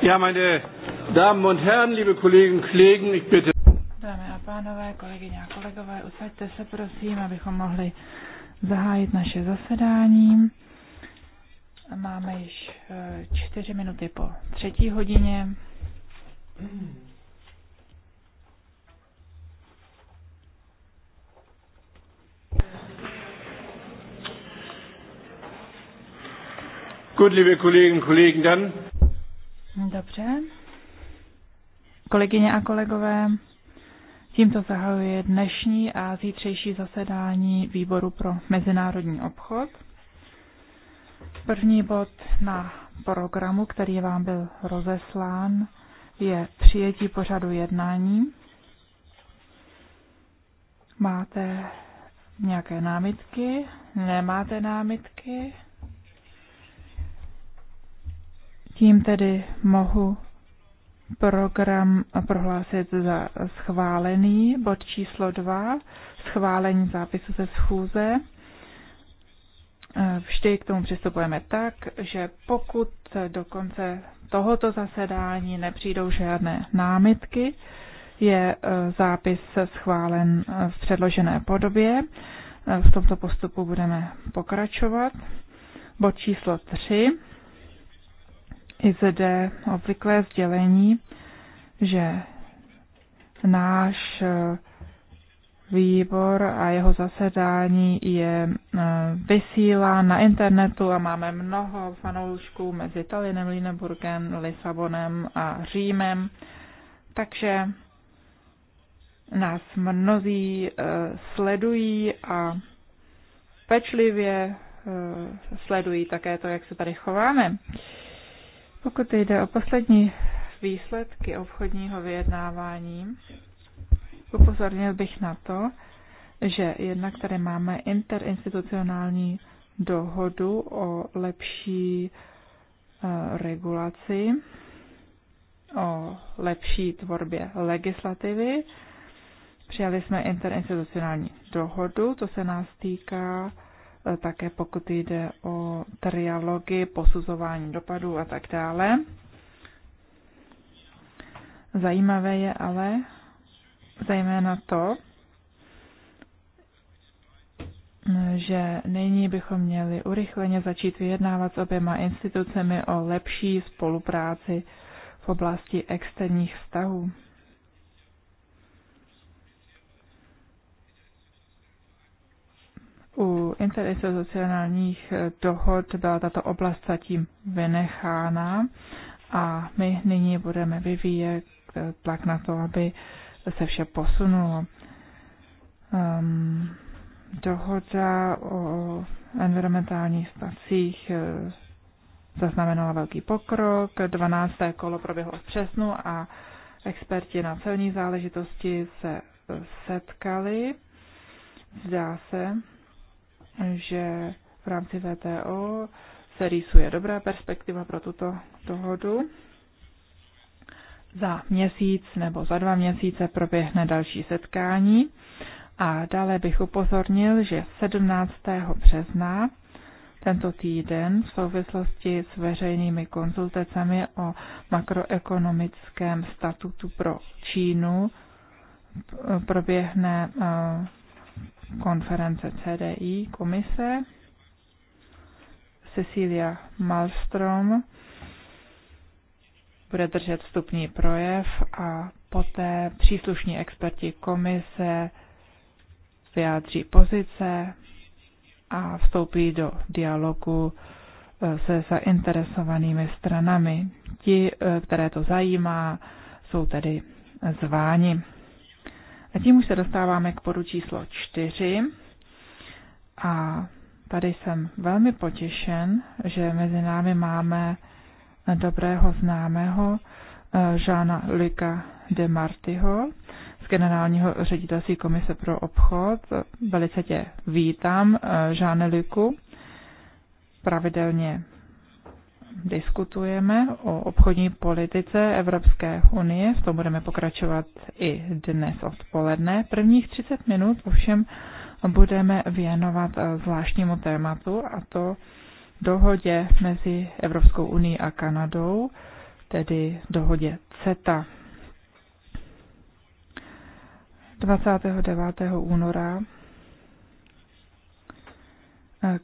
Ja, meine Damen und Herren, liebe Kolleginnen und Kollegen, ich bitte. Dámy a pánové, kolegyně a kolegové, usaďte se prosím, abychom mohli zahájit naše zasedání. Máme již eh, čtyři minuty po třetí hodině. Gut, liebe Kolleginnen und Kollegen, dann. Dobře. Kolegyně a kolegové, tímto zahajuje dnešní a zítřejší zasedání Výboru pro mezinárodní obchod. První bod na programu, který vám byl rozeslán, je přijetí pořadu jednání. Máte nějaké námitky? Nemáte námitky? Tím tedy mohu program prohlásit za schválený. Bod číslo 2, schválení zápisu ze schůze. Vždy k tomu přistupujeme tak, že pokud do konce tohoto zasedání nepřijdou žádné námitky, je e, zápis schválen v předložené podobě. E, v tomto postupu budeme pokračovat. Bod číslo 3 i zde obvyklé sdělení, že náš eh, výbor a jeho zasedání je eh, vysílán na internetu a máme mnoho fanoušků mezi Talinem, Lineburgem, Lisabonem a Římem. Takže nás mnozí eh, sledují a pečlivě sledují také to, jak se tady chováme. Pokud jde o poslední výsledky obchodního vyjednávání, upozornil bych na to, že jednak tady máme interinstitucionální dohodu o lepší eh, regulaci, o lepší tvorbě legislativy. Přijali jsme interinstitucionální dohodu, to se nás týká E, také pokud jde o triálogy, posuzování dopadů a tak dále. Zajímavé je ale zejména to, že nyní bychom měli urychleně začít vyjednávat s oběma institucemi o lepší spolupráci v oblasti externích vztahů. U interinstitucionálních eh, dohod byla tato oblast zatím vynechána a my nyní budeme vyvíjet eh, tlak na to, aby se vše posunulo. Um, dohoda o environmentálních stacích eh, zaznamenala velký pokrok. 12. kolo proběhlo v přesnu a experti na celní záležitosti se setkali. Zdá se, že v rámci VTO se rýsuje dobrá perspektiva pro tuto dohodu. Za měsíc nebo za dva měsíce proběhne další setkání a dále bych upozornil, že 17. března tento týden v souvislosti s veřejnými konzultacemi o makroekonomickém statutu pro Čínu proběhne eh, konference CDI komise. Cecilia Malstrom bude držet vstupní projev a poté příslušní experti komise vyjádří pozice a vstoupí do dialogu eh, se zainteresovanými stranami. Ti, eh, které to zajímá, jsou tedy zváni. A tím už se dostáváme k bodu číslo čtyři A tady jsem velmi potěšen, že mezi námi máme dobrého známého eh, Žána Lika de Martyho z generálního ředitelství Komise pro obchod. Velice tě vítám, eh, Žáne Liku. Pravidelně diskutujeme o obchodní politice Evropské unie. V tom budeme pokračovat i dnes odpoledne. Prvních 30 minut ovšem budeme věnovat eh, zvláštnímu tématu a to dohodě mezi Evropskou unii a Kanadou, tedy dohodě CETA. 29. února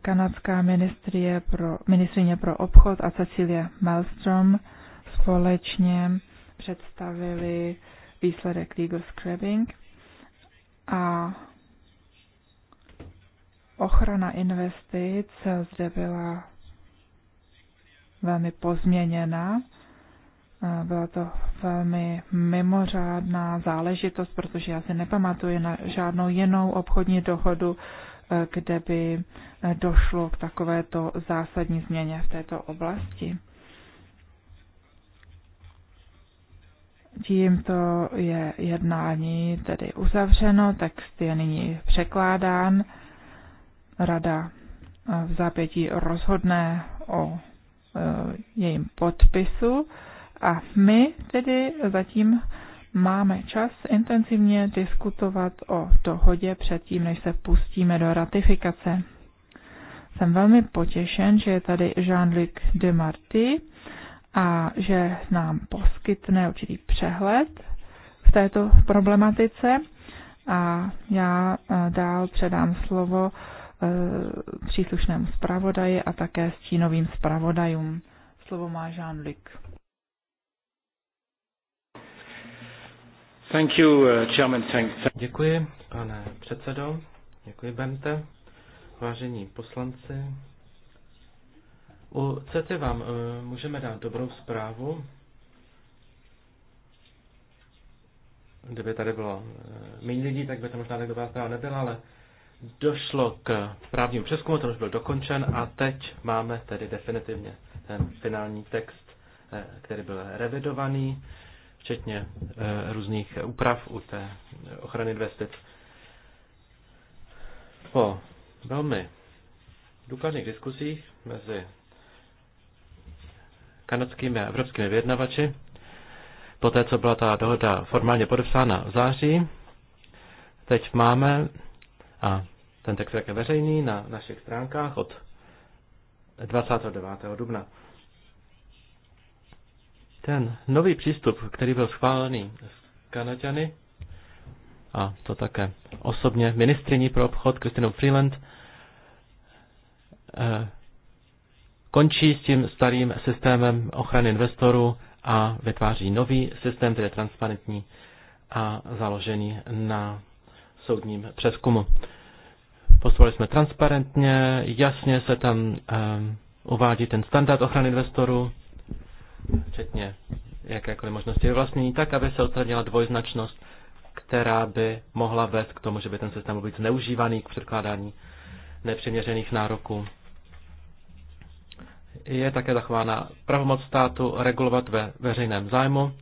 kanadská ministrie pro, ministrině pro obchod a Cecilia Malmström společně představili výsledek legal scrubbing a ochrana investic zde byla velmi pozměněna. Byla to velmi mimořádná záležitost, protože já si nepamatuji na žádnou jinou obchodní dohodu, kde by došlo k takovéto zásadní změně v této oblasti. Tímto je jednání tedy uzavřeno, text je nyní překládán. Rada eh, v zápětí rozhodne o eh, jejím podpisu a my tedy zatím máme čas intenzivně diskutovat o dohodě předtím, než se pustíme do ratifikace. Jsem velmi potěšen, že je tady Jean-Luc Marty a že nám poskytne určitý přehled v této problematice. A já eh, dál předám slovo eh, příslušnému zpravodaji a také stínovým zpravodajům. Slovo má Jean-Luc. Thank you, uh, chairman. Thank, thank. Děkuji, pane předsedo. Děkuji, Bente. Vážení poslanci, u CT vám uh, můžeme dát dobrou zprávu. Kdyby tady bylo uh, méně lidí, tak by to možná tak dobrá zpráva nebyla, ale došlo k právnímu přeskumu, ten už byl dokončen a teď máme tedy definitivně ten finální text, eh, který byl revidovaný včetně eh, různých úprav u té ochrany investic. Po velmi důkladných diskusích mezi kanadskými a evropskými vyjednavači, poté co byla ta dohoda formálně podepsána v září, teď máme, a ten text je veřejný na našich stránkách od 29. dubna. Ten nový přístup, který byl schválený s Kanaďany, a to také osobně ministriní pro obchod Kristinou Freeland, eh, končí s tím starým systémem ochrany investorů a vytváří nový systém, který je transparentní a založený na soudním přeskumu. Postupovali jsme transparentně, jasně se tam um, uvádí ten standard ochrany investorů, včetně jakékoliv možnosti vyvlastnění, tak, aby se odstranila dvojznačnost, která by mohla vést k tomu, že by ten systém byl být zneužívaný k předkládání nepřiměřených nároků. Je také zachována pravomoc státu regulovat ve veřejném zájmu.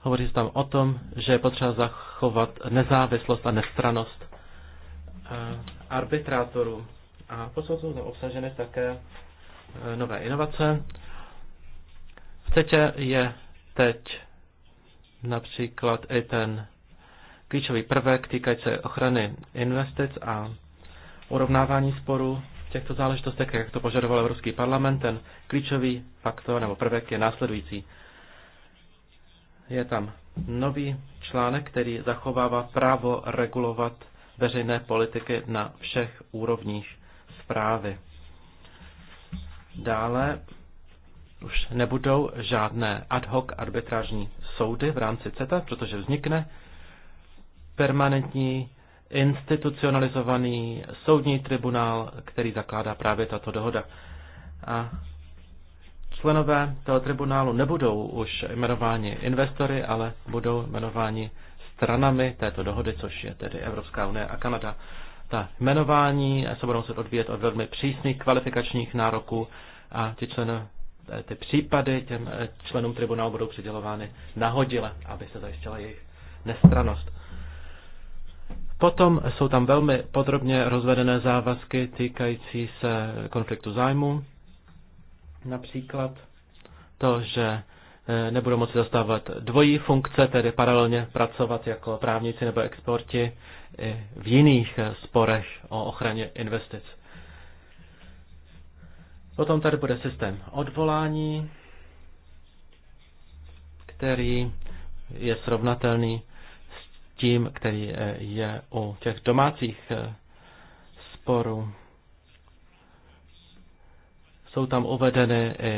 Hovoří se tam o tom, že je potřeba zachovat nezávislost a nestranost eh, arbitrátorů. A potom jsou tam obsaženy také eh, nové inovace CETA je teď například i ten klíčový prvek týkající se ochrany investic a urovnávání sporů v těchto záležitostech, jak to požadoval Evropský parlament. Ten klíčový faktor nebo prvek je následující. Je tam nový článek, který zachovává právo regulovat veřejné politiky na všech úrovních zprávy. Dále už nebudou žádné ad hoc arbitrážní soudy v rámci CETA, protože vznikne permanentní institucionalizovaný soudní tribunál, který zakládá právě tato dohoda. A členové toho tribunálu nebudou už jmenováni investory, ale budou jmenováni stranami této dohody, což je tedy Evropská unie a Kanada. Ta jmenování se budou muset odvíjet od velmi přísných kvalifikačních nároků a ti členové Eh, ty případy těm eh, členům tribunálu budou přidělovány nahodile, aby se zajistila jejich nestranost. Potom jsou tam velmi podrobně rozvedené závazky týkající se konfliktu zájmu. Například to, že eh, nebudou moci zastávat dvojí funkce, tedy paralelně pracovat jako právníci nebo exporti v jiných sporech o ochraně investic. Potom tady bude systém odvolání, který je srovnatelný s tím, který eh, je u těch domácích eh, sporů. Jsou tam uvedeny i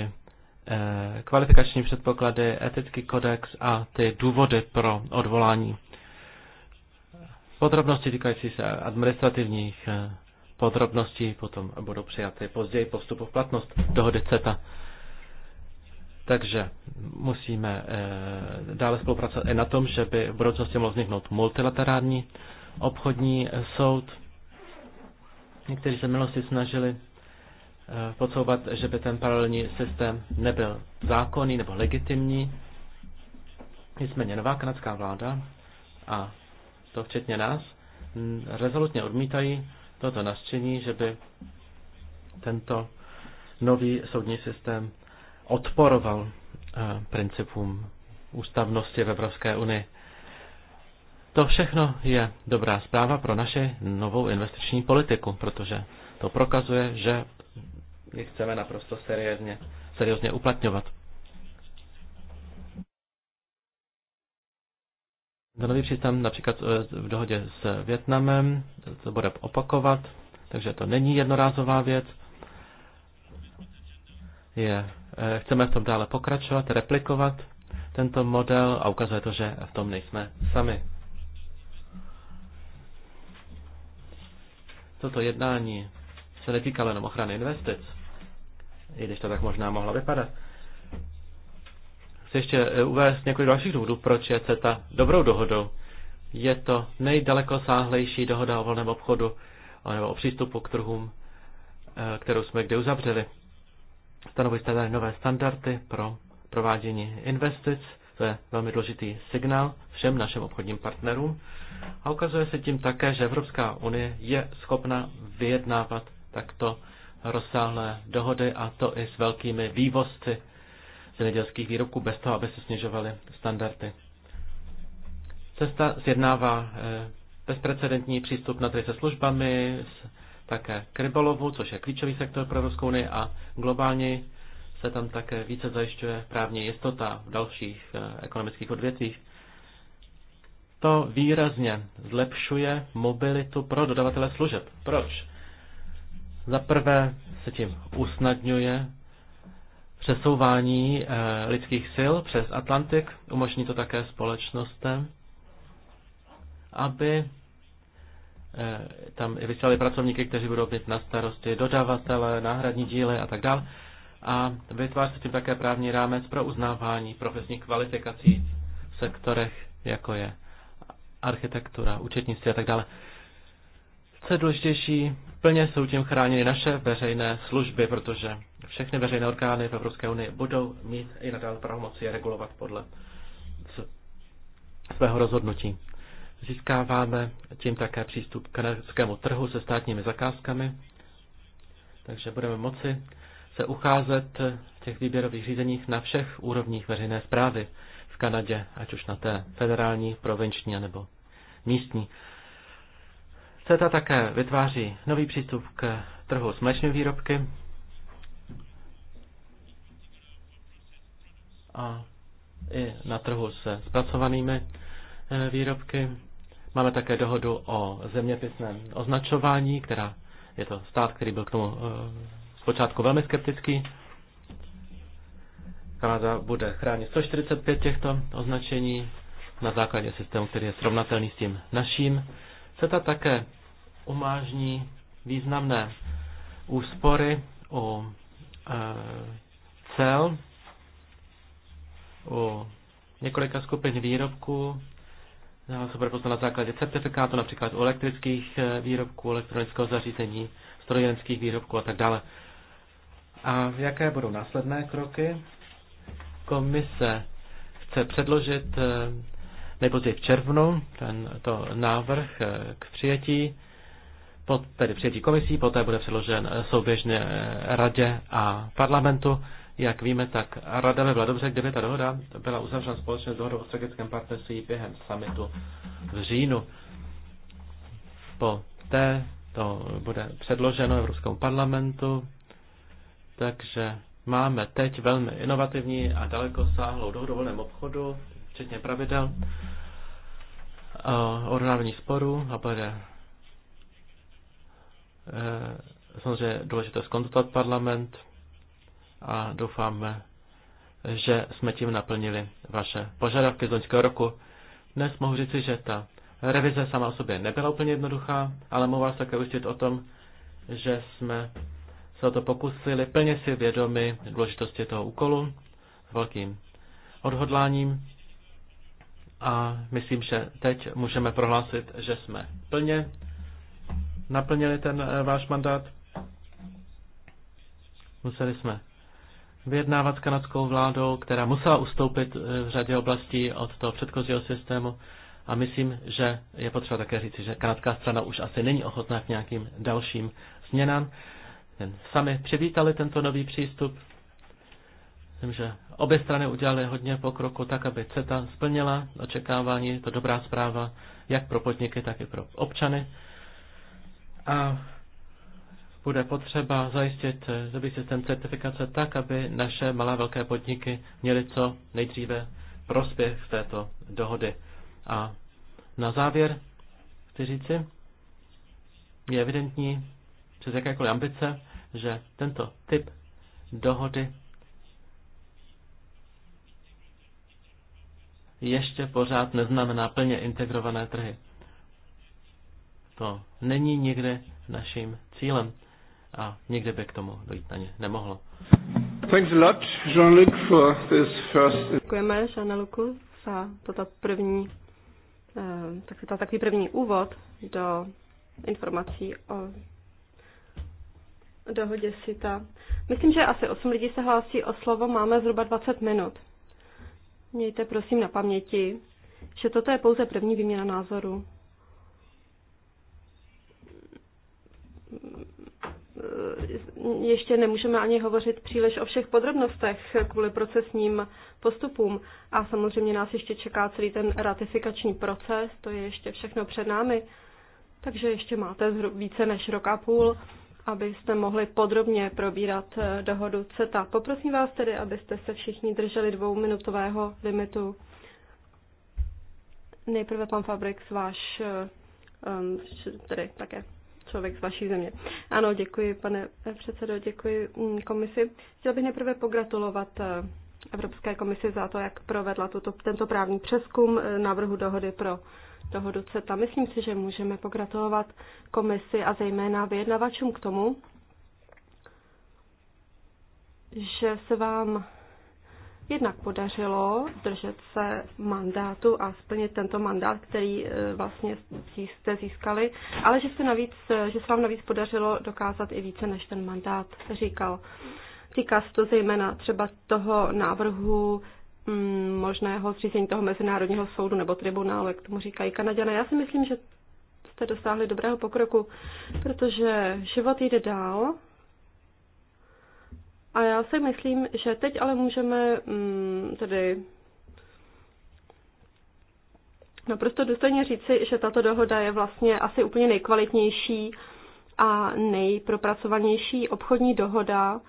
eh, kvalifikační předpoklady, etický kodex a ty důvody pro odvolání. Podrobnosti týkající se administrativních podrobnosti potom budou přijaty později po vstupu v platnost dohody CETA. Takže musíme eh, dále spolupracovat i na tom, že by v budoucnosti mohl vzniknout multilaterální obchodní soud. Někteří se minulosti snažili eh, podsouvat, že by ten paralelní systém nebyl zákonný nebo legitimní. Nicméně nová kanadská vláda a to včetně nás rezolutně odmítají tohoto nařčení, že by tento nový soudní systém odporoval eh, principům ústavnosti v Evropské unii. To všechno je dobrá zpráva pro naši novou investiční politiku, protože to prokazuje, že ji chceme naprosto seriózně, seriózně uplatňovat. Nový přístup například eh, v dohodě s Větnamem, to bude opakovat, takže to není jednorázová věc. Je, eh, chceme v tom dále pokračovat, replikovat tento model a ukazuje to, že v tom nejsme sami. Toto jednání se netýkalo jenom ochrany investic, i když to tak možná mohlo vypadat chci ještě eh, uvést několik dalších důvodů, proč je CETA dobrou dohodou. Je to nejdaleko sáhlejší dohoda o volném obchodu eh, nebo o přístupu k trhům, eh, kterou jsme kdy uzavřeli. Stanovují se tady nové standardy pro provádění investic, to je velmi důležitý signál všem našim obchodním partnerům. A ukazuje se tím také, že Evropská unie je schopna vyjednávat takto rozsáhlé dohody a to i s velkými vývozci zemědělských výrobků bez toho, aby se snižovaly standardy. Cesta zjednává eh, bezprecedentní přístup na trhy se službami, také k rybolovu, což je klíčový sektor pro Evropskou unii a globálně se tam také více zajišťuje právní jistota v dalších eh, ekonomických odvětvích. To výrazně zlepšuje mobilitu pro dodavatele služeb. Proč? Za prvé se tím usnadňuje přesouvání eh, lidských sil přes Atlantik. Umožní to také společnostem, aby eh, tam i vyslali pracovníky, kteří budou mít na starosti dodavatele, náhradní díly a tak dále. A vytváří se tím také právní rámec pro uznávání profesních kvalifikací v sektorech, jako je architektura, účetnictví a tak dále. Co je důležitější, plně jsou tím chráněny naše veřejné služby, protože všechny veřejné orgány v Evropské unii budou mít i nadále pravomoci je regulovat podle svého rozhodnutí. Získáváme tím také přístup k kanadskému trhu se státními zakázkami, takže budeme moci se ucházet v těch výběrových řízeních na všech úrovních veřejné zprávy v Kanadě, ať už na té federální, provinční nebo místní. CETA také vytváří nový přístup k trhu s mléčnými výrobky a i na trhu se zpracovanými e, výrobky. Máme také dohodu o zeměpisném označování, která je to stát, který byl k tomu e, zpočátku velmi skeptický. Kanada bude chránit 145 těchto označení na základě systému, který je srovnatelný s tím naším. CETA také umážní významné úspory u e, cel, u několika skupin výrobků, se bude na základě certifikátu, například u elektrických e, výrobků, elektronického zařízení, strojenských výrobků a tak dále. A jaké budou následné kroky? Komise chce předložit e, nejpozději v červnu ten to návrh eh, k přijetí, pod, tedy přijetí komisí, poté bude předložen eh, souběžně eh, radě a parlamentu. Jak víme, tak rada by byla dobře, kdyby ta dohoda byla uzavřena společně s dohodou o strategickém partnerství během summitu v říjnu. Poté to bude předloženo Evropskému parlamentu, takže máme teď velmi inovativní a dalekosáhlou dohodu o volném obchodu včetně pravidel eh, o odhrávání sporů a bude eh, samozřejmě důležité skonzultovat parlament a doufáme, že jsme tím naplnili vaše požadavky z loňského roku. Dnes mohu říci, že ta revize sama o sobě nebyla úplně jednoduchá, ale mohu vás také ujistit o tom, že jsme se o to pokusili plně si vědomi důležitosti toho úkolu s velkým odhodláním a myslím, že teď můžeme prohlásit, že jsme plně naplnili ten eh, váš mandát. Museli jsme vyjednávat s kanadskou vládou, která musela ustoupit eh, v řadě oblastí od toho předchozího systému. A myslím, že je potřeba také říci, že kanadská strana už asi není ochotná k nějakým dalším změnám. sami přivítali tento nový přístup Myslím, že obě strany udělaly hodně pokroku tak, aby CETA splnila očekávání. Je to dobrá zpráva jak pro podniky, tak i pro občany. A bude potřeba zajistit zabý systém certifikace tak, aby naše malé velké podniky měly co nejdříve prospěch z této dohody. A na závěr chci říci, je evidentní přes jakékoliv ambice, že tento typ dohody ještě pořád neznamená plně integrované trhy. To není nikde naším cílem a nikdy by k tomu dojít ani nemohlo. Thanks a lot, Jean-Luc, for this first... Děkujeme Jean-Lucu za toto první, eh, tak, to, takový první úvod do informací o dohodě SITA. Myslím, že asi 8 lidí se hlásí o slovo, máme zhruba 20 minut. Mějte prosím na paměti, že toto je pouze první výměna názoru. Ještě nemůžeme ani hovořit příliš o všech podrobnostech kvůli procesním postupům. A samozřejmě nás ještě čeká celý ten ratifikační proces, to je ještě všechno před námi. Takže ještě máte více než rok a půl abyste mohli podrobně probírat eh, dohodu CETA. Poprosím vás tedy, abyste se všichni drželi dvouminutového limitu. Nejprve pan Fabrik, váš, eh, tedy také člověk z vaší země. Ano, děkuji, pane předsedo, děkuji mm, komisi. Chtěl bych nejprve pogratulovat eh, Evropské komisi za to, jak provedla tuto, tento právní přeskum návrhu dohody pro toho doceta. Myslím si, že můžeme pogratulovat komisi a zejména vyjednavačům k tomu, že se vám jednak podařilo držet se mandátu a splnit tento mandát, který e, vlastně jste získali, ale že se, navíc, e, že se vám navíc podařilo dokázat i více, než ten mandát říkal. Týká se to zejména třeba toho návrhu Mm, možného zřízení toho Mezinárodního soudu nebo tribunálu, jak tomu říkají Kanaděné. Já si myslím, že jste dosáhli dobrého pokroku, protože život jde dál. A já si myslím, že teď ale můžeme mm, tedy naprosto důstojně říci, že tato dohoda je vlastně asi úplně nejkvalitnější a nejpropracovanější obchodní dohoda,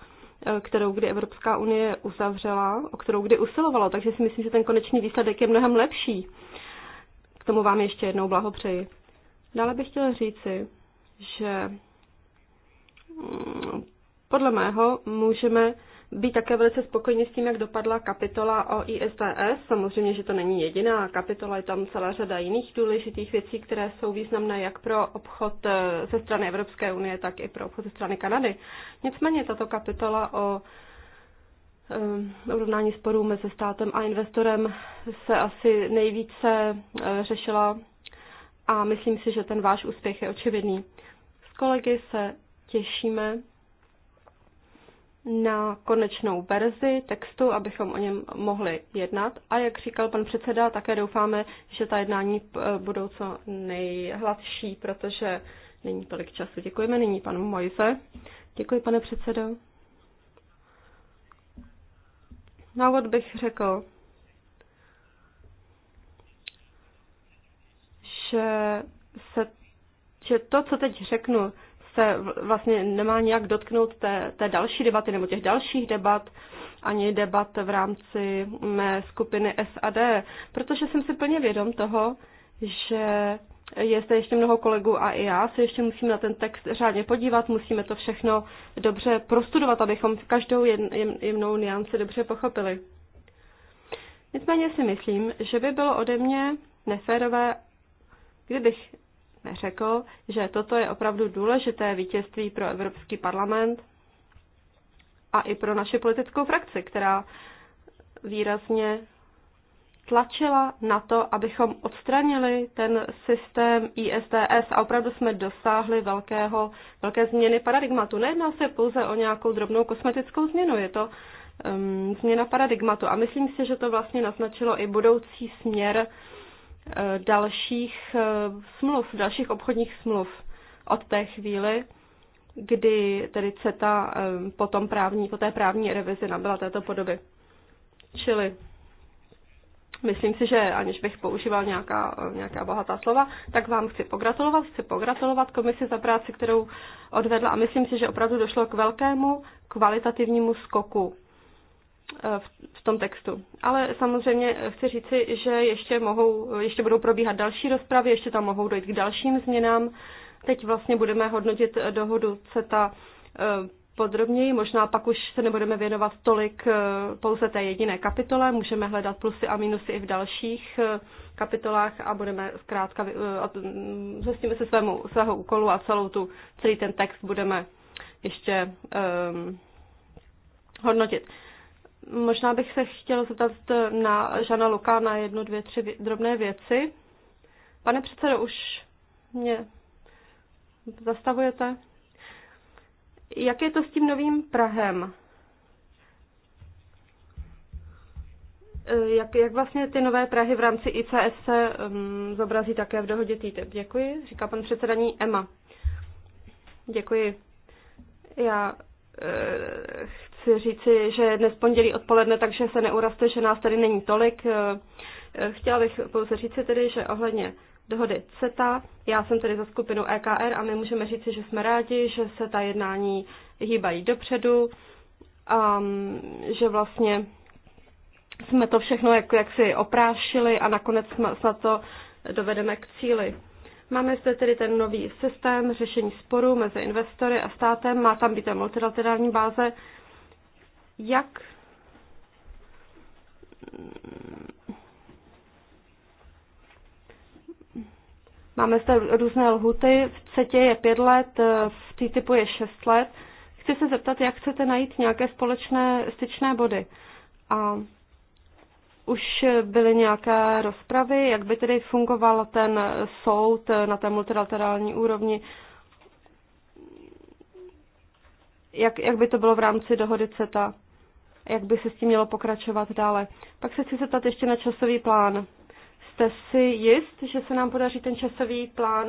Eh, kterou kdy Evropská unie uzavřela, o kterou kdy usilovala, takže si myslím, že ten konečný výsledek je mnohem lepší. K tomu vám ještě jednou blahopřeji. Dále bych chtěla říci, že mm, podle mého můžeme být také velice spokojeni s tím, jak dopadla kapitola o ISDS. Samozřejmě, že to není jediná kapitola, je tam celá řada jiných důležitých věcí, které jsou významné jak pro obchod eh, ze strany Evropské unie, tak i pro obchod ze strany Kanady. Nicméně tato kapitola o urovnání eh, sporů mezi státem a investorem se asi nejvíce eh, řešila a myslím si, že ten váš úspěch je očividný. S kolegy se těšíme na konečnou verzi textu, abychom o něm mohli jednat. A jak říkal pan předseda, také doufáme, že ta jednání eh, budou co nejhladší, protože není tolik času. Děkujeme nyní panu Mojze. Děkuji, pane předsedo. Na úvod bych řekl, že, se, že to, co teď řeknu, se vlastně nemá nijak dotknout té, té další debaty nebo těch dalších debat, ani debat v rámci mé skupiny SAD, protože jsem si plně vědom toho, že je zde ještě mnoho kolegů a i já se ještě musíme na ten text řádně podívat, musíme to všechno dobře prostudovat, abychom každou jemnou nianci dobře pochopili. Nicméně si myslím, že by bylo ode mě neférové, kdybych řekl, že toto je opravdu důležité vítězství pro Evropský parlament a i pro naši politickou frakci, která výrazně tlačila na to, abychom odstranili ten systém ISDS a opravdu jsme dosáhli velkého, velké změny paradigmatu. Nejedná se pouze o nějakou drobnou kosmetickou změnu, je to um, změna paradigmatu a myslím si, že to vlastně naznačilo i budoucí směr Eh, dalších eh, smluv, dalších obchodních smluv od té chvíli, kdy tedy CETA eh, po, tom právní, po té právní revizi nabyla této podoby. Čili myslím si, že aniž bych používal nějaká, nějaká bohatá slova, tak vám chci pogratulovat. Chci pogratulovat komisi za práci, kterou odvedla a myslím si, že opravdu došlo k velkému kvalitativnímu skoku Eh, v tom textu. Ale samozřejmě eh, chci říci, že ještě, mohou, ještě budou probíhat další rozpravy, ještě tam mohou dojít k dalším změnám. Teď vlastně budeme hodnotit eh, dohodu CETA podrobněji, možná pak už se nebudeme věnovat tolik pouze té jediné kapitole, můžeme hledat plusy a minusy i v dalších kapitolách a budeme zkrátka, mm, zjistíme se svému, svého úkolu a celou tu, celý ten text budeme ještě um, hodnotit. Možná bych se chtěla zeptat na Žana Luka na jednu, dvě, tři drobné věci. Pane předsedo, už mě zastavujete. Jak je to s tím novým Prahem? Eh, jak, jak vlastně ty nové Prahy v rámci ICS se um, zobrazí také v dohodě TTIP? Děkuji, říká pan předsedaní Emma. Děkuji. Já e, chci říci, že je dnes pondělí odpoledne, takže se neurazte, že nás tady není tolik. Eh, eh, chtěla bych pouze říci tedy, že ohledně dohody CETA, já jsem tedy za skupinu EKR a my můžeme říci, že jsme rádi, že se ta jednání hýbají dopředu a mm, že vlastně jsme to všechno jak, jak si oprášili a nakonec snad to dovedeme k cíli. Máme zde tedy ten nový systém řešení sporů mezi investory a státem, má tam být multilaterální báze, jak Máme zde různé lhuty, v CETě je pět let, eh, v TTIPu je šest let. Chci se zeptat, jak chcete najít nějaké společné styčné body. A už byly nějaké rozpravy, jak by tedy fungoval ten soud na té multilaterální úrovni, jak, jak by to bylo v rámci dohody CETA jak by se s tím mělo pokračovat dále. Pak se chci zeptat ještě na časový plán. Jste si jist, že se nám podaří ten časový plán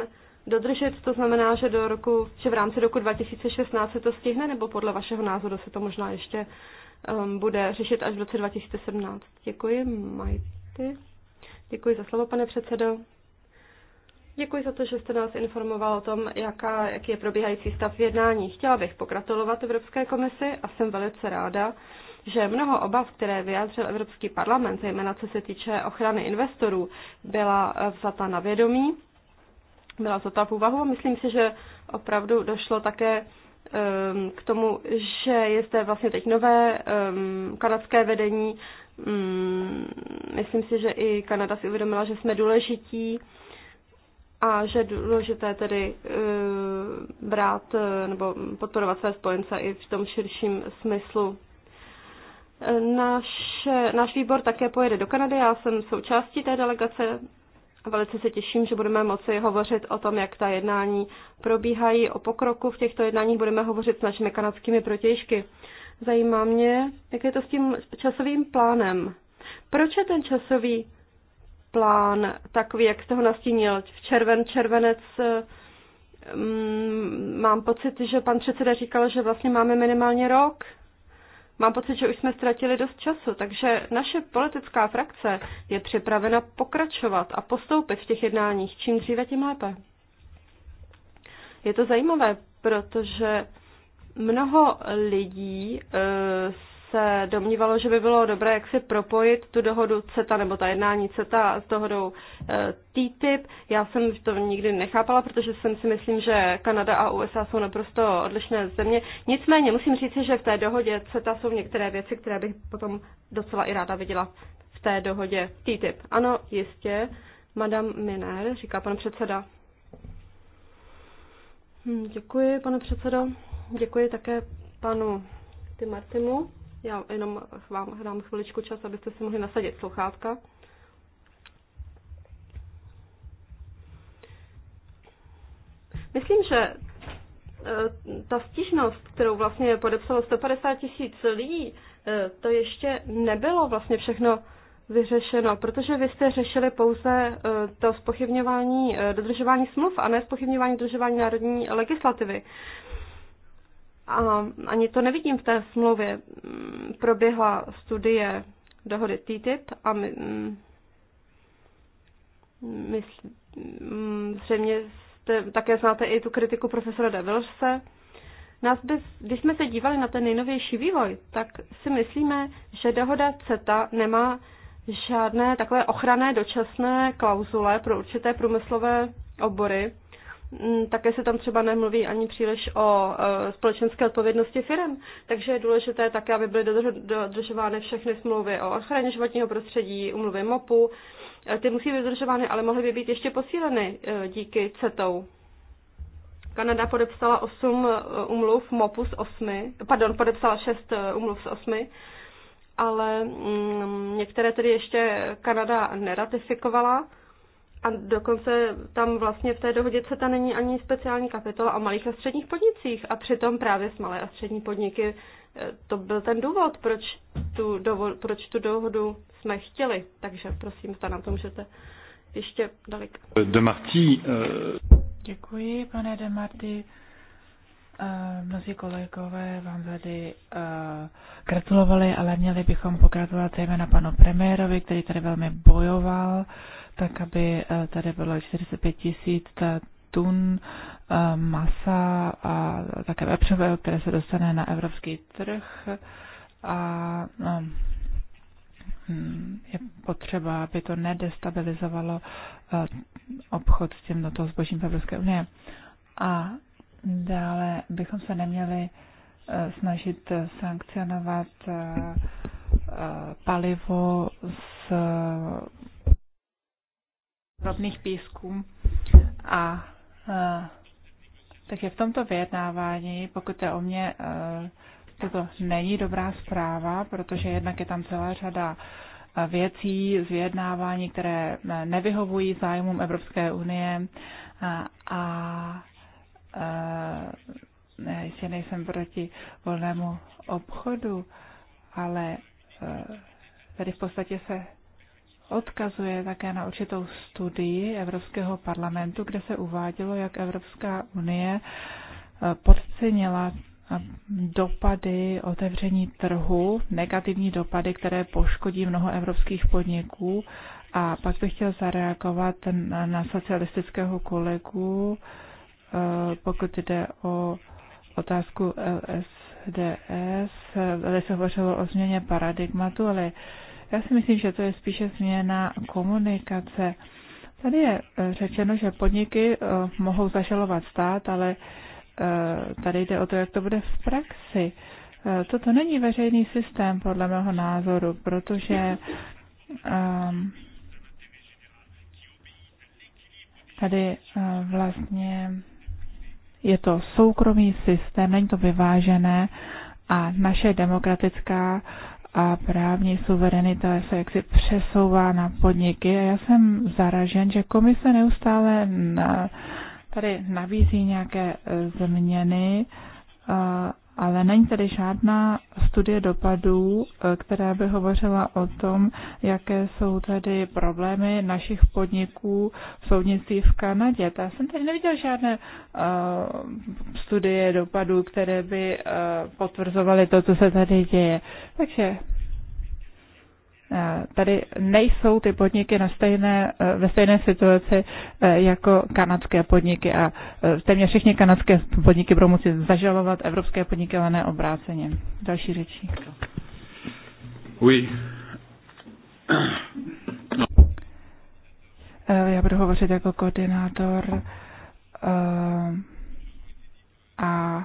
dodržet? To znamená, že, do roku, že v rámci roku 2016 se to stihne, nebo podle vašeho názoru se to možná ještě um, bude řešit až v roce 2017? Děkuji, Majty. Děkuji za slovo, pane předsedo. Děkuji za to, že jste nás informoval o tom, jaká, jaký je probíhající stav jednání. Chtěla bych pokratulovat Evropské komisi a jsem velice ráda, že mnoho obav, které vyjádřil Evropský parlament, zejména co se týče ochrany investorů, byla vzata na vědomí, byla vzata v úvahu myslím si, že opravdu došlo také ehm, k tomu, že je zde vlastně teď nové ehm, kanadské vedení. Mm, myslím si, že i Kanada si uvědomila, že jsme důležití a že je důležité tedy ehm, brát eh, nebo podporovat své spojence i v tom širším smyslu Náš, náš výbor také pojede do Kanady, já jsem součástí té delegace velice se těším, že budeme moci hovořit o tom, jak ta jednání probíhají, o pokroku v těchto jednáních budeme hovořit s našimi kanadskými protějšky. Zajímá mě, jak je to s tím časovým plánem. Proč je ten časový plán takový, jak jste ho nastínil? V červen, červenec, mm, mám pocit, že pan předseda říkal, že vlastně máme minimálně rok Mám pocit, že už jsme ztratili dost času, takže naše politická frakce je připravena pokračovat a postoupit v těch jednáních. Čím dříve, tím lépe. Je to zajímavé, protože mnoho lidí eh, se domnívalo, že by bylo dobré jak si propojit tu dohodu CETA nebo ta jednání CETA s dohodou eh, TTIP. Já jsem to nikdy nechápala, protože jsem si myslím, že Kanada a USA jsou naprosto odlišné země. Nicméně musím říct, že v té dohodě CETA jsou některé věci, které bych potom docela i ráda viděla v té dohodě TTIP. Ano, jistě. Madame Miner, říká pan předseda. Hm, děkuji, pane předsedo. Děkuji také panu Timartimu. Já jenom vám dám chviličku čas, abyste si mohli nasadit sluchátka. Myslím, že e, ta stížnost, kterou vlastně podepsalo 150 tisíc lidí, e, to ještě nebylo vlastně všechno vyřešeno, protože vy jste řešili pouze e, to spochybňování dodržování smluv a ne spochybňování dodržování národní legislativy. A ani to nevidím v té smlouvě. Proběhla studie dohody TTIP a my, mm, my, mm, zřejmě jste, také znáte i tu kritiku profesora Devilse. Nás by, když jsme se dívali na ten nejnovější vývoj, tak si myslíme, že dohoda CETA nemá žádné takové ochranné dočasné klauzule pro určité průmyslové obory. Mm, také se tam třeba nemluví ani příliš o e, společenské odpovědnosti firm, takže je důležité také, aby byly dodržovány všechny smlouvy o ochraně životního prostředí, umluvy MOPu. E, ty musí být dodržovány, ale mohly by být ještě posíleny e, díky CETou. Kanada podepsala 8 umluv MOPu z 8, pardon, podepsala 6 umluv z 8, ale mm, některé tedy ještě Kanada neratifikovala a dokonce tam vlastně v té dohodě CETA není ani speciální kapitola o malých a středních podnicích a přitom právě s malé a střední podniky eh, to byl ten důvod, proč tu, dovo, proč tu dohodu jsme chtěli. Takže prosím, zda na to můžete ještě dalek. De Marti, uh... Eh. Děkuji, pane De Marti. Mnozí kolegové vám tady gratulovali, ale měli bychom pogratulovat zejména panu premiérovi, který tady velmi bojoval, tak aby tady bylo 45 tisíc tun masa a také vepřového, které se dostane na evropský trh. A hm, je potřeba, aby to nedestabilizovalo obchod s tímto zbožím v Evropské unie. A Dále bychom se neměli eh, snažit eh, sankcionovat eh, palivo z ropných písků. A takže v tomto vyjednávání, pokud je o mě, toto není dobrá zpráva, protože jednak je tam celá řada věcí z vyjednávání, které nevyhovují zájmům Evropské unie a že eh, nejsem proti volnému obchodu, ale eh, tady v podstatě se odkazuje také na určitou studii Evropského parlamentu, kde se uvádělo, jak Evropská unie eh, podcenila dopady otevření trhu, negativní dopady, které poškodí mnoho evropských podniků. A pak bych chtěl zareagovat na socialistického kolegu, Eh, pokud jde o otázku LSDS, tady se hovořilo o změně paradigmatu, ale já si myslím, že to je spíše změna komunikace. Tady je eh, řečeno, že podniky eh, mohou zažalovat stát, ale tady jde o to, jak to bude v praxi. Toto není veřejný systém, podle mého názoru, protože ehm, tady vlastně je to soukromý systém, není to vyvážené a naše demokratická a právní suverenita se jaksi přesouvá na podniky. A já jsem zaražen, že komise neustále na, tady nabízí nějaké změny ale není tady žádná studie dopadů, eh, která by hovořila o tom, jaké jsou tady problémy našich podniků v soudnictví v Kanadě. Já jsem tady neviděl žádné uh, studie dopadů, které by uh, potvrzovaly to, co se tady děje. Takže Eh, tady nejsou ty podniky na stejné, eh, ve stejné situaci eh, jako kanadské podniky a téměř všechny kanadské podniky budou moci zažalovat evropské podniky, ale ne obráceně. Další řečník. Oui. No. Já budu hovořit jako koordinátor a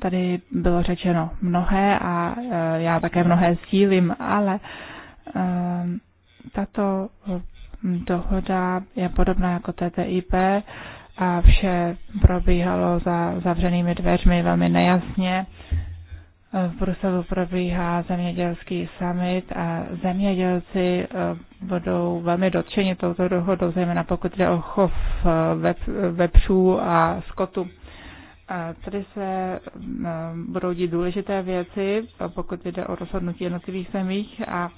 tady bylo řečeno mnohé a já také mnohé sdílím, ale uh, Ehm, tato hm, dohoda je podobná jako TTIP a vše probíhalo za zavřenými dveřmi velmi nejasně. V Bruselu probíhá zemědělský summit a zemědělci eh, budou velmi dotčeni touto dohodou, zejména pokud jde o chov eh, vepřů a skotu. Tady se hm, budou dít důležité věci, pokud jde o rozhodnutí jednotlivých zemích a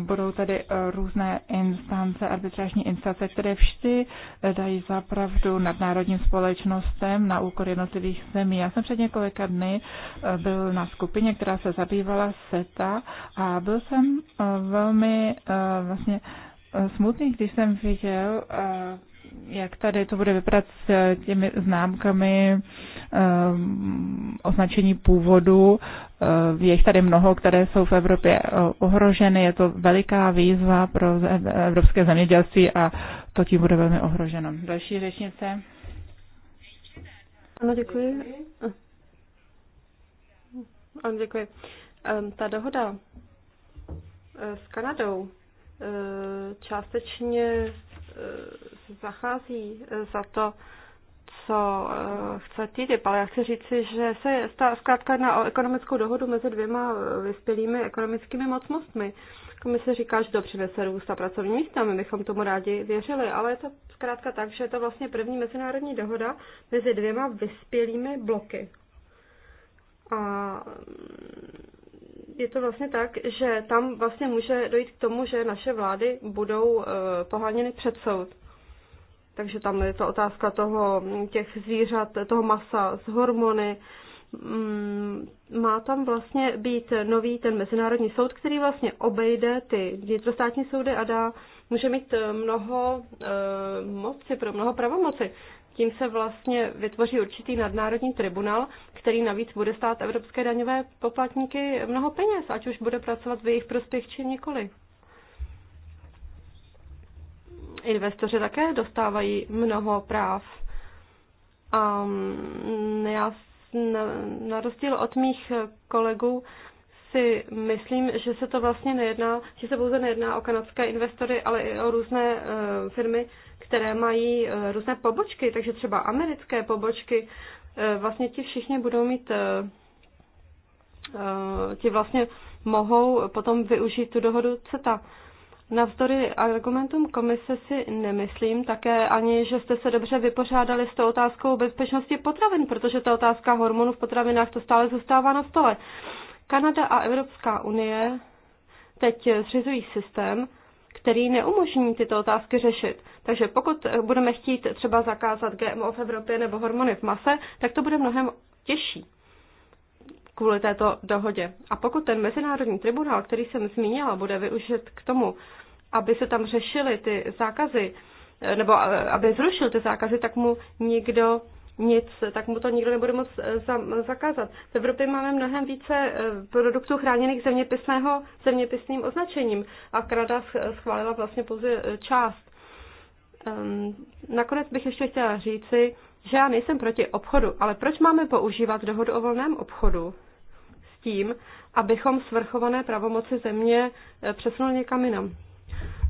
budou tady e, různé instance, arbitrážní instance, které vždy e, dají zapravdu nadnárodním společnostem na úkor jednotlivých zemí. Já jsem před několika dny e, byl na skupině, která se zabývala SETA a byl jsem velmi vlastně smutný, když jsem viděl jak tady to bude vypadat s eh, těmi známkami eh, označení původu. Eh, je jich tady mnoho, které jsou v Evropě ohroženy. Je to veliká výzva pro evropské zemědělství a to tím bude velmi ohroženo. Další řečnice. Ano, děkuji. Ano, děkuji. Ehm, ta dohoda s Kanadou částečně se zachází eh, za to, co eh, chce TTIP, ale já chci říci, že se stá, zkrátka jedná o ekonomickou dohodu mezi dvěma eh, vyspělými ekonomickými mocnostmi. Komise říká, že to přinese růst a pracovní místa, my bychom tomu rádi věřili, ale je to zkrátka tak, že je to vlastně první mezinárodní dohoda mezi dvěma vyspělými bloky. A je to vlastně tak, že tam vlastně může dojít k tomu, že naše vlády budou eh, poháněny před soud. Takže tam je to otázka toho, mm, těch zvířat, toho masa z hormony. Mm, má tam vlastně být nový ten mezinárodní soud, který vlastně obejde ty vnitrostátní soudy a dá, může mít eh, mnoho e, moci, pro mnoho pravomoci. Tím se vlastně vytvoří určitý nadnárodní tribunál, který navíc bude stát evropské daňové poplatníky mnoho peněz, ať už bude pracovat v jejich prospěch či nikoli. Investoři také dostávají mnoho práv. A mm, já na rozdíl od mých kolegů si myslím, že se to vlastně nejedná, že se pouze nejedná o kanadské investory, ale i o různé eh, firmy, které mají eh, různé pobočky, takže třeba americké pobočky, eh, vlastně ti všichni budou mít, eh, ti vlastně mohou potom využít tu dohodu CETA. Navzdory argumentům komise si nemyslím také ani, že jste se dobře vypořádali s tou otázkou bezpečnosti potravin, protože ta otázka hormonů v potravinách to stále zůstává na stole. Kanada a Evropská unie teď zřizují systém, který neumožní tyto otázky řešit. Takže pokud eh, budeme chtít třeba zakázat GMO v Evropě nebo hormony v mase, tak to bude mnohem těžší kvůli této dohodě. A pokud ten mezinárodní tribunál, který jsem zmínila, bude využit k tomu, aby se tam řešily ty zákazy, eh, nebo eh, aby zrušil ty zákazy, tak mu nikdo nic, tak mu to nikdo nebude moc eh, zakázat. V Evropě máme mnohem více eh, produktů chráněných zeměpisného, zeměpisným označením a Kanada schválila vlastně pouze eh, část. Ehm, nakonec bych ještě chtěla říci, že já nejsem proti obchodu, ale proč máme používat dohodu o volném obchodu s tím, abychom svrchované pravomoci země přesunuli někam jinam?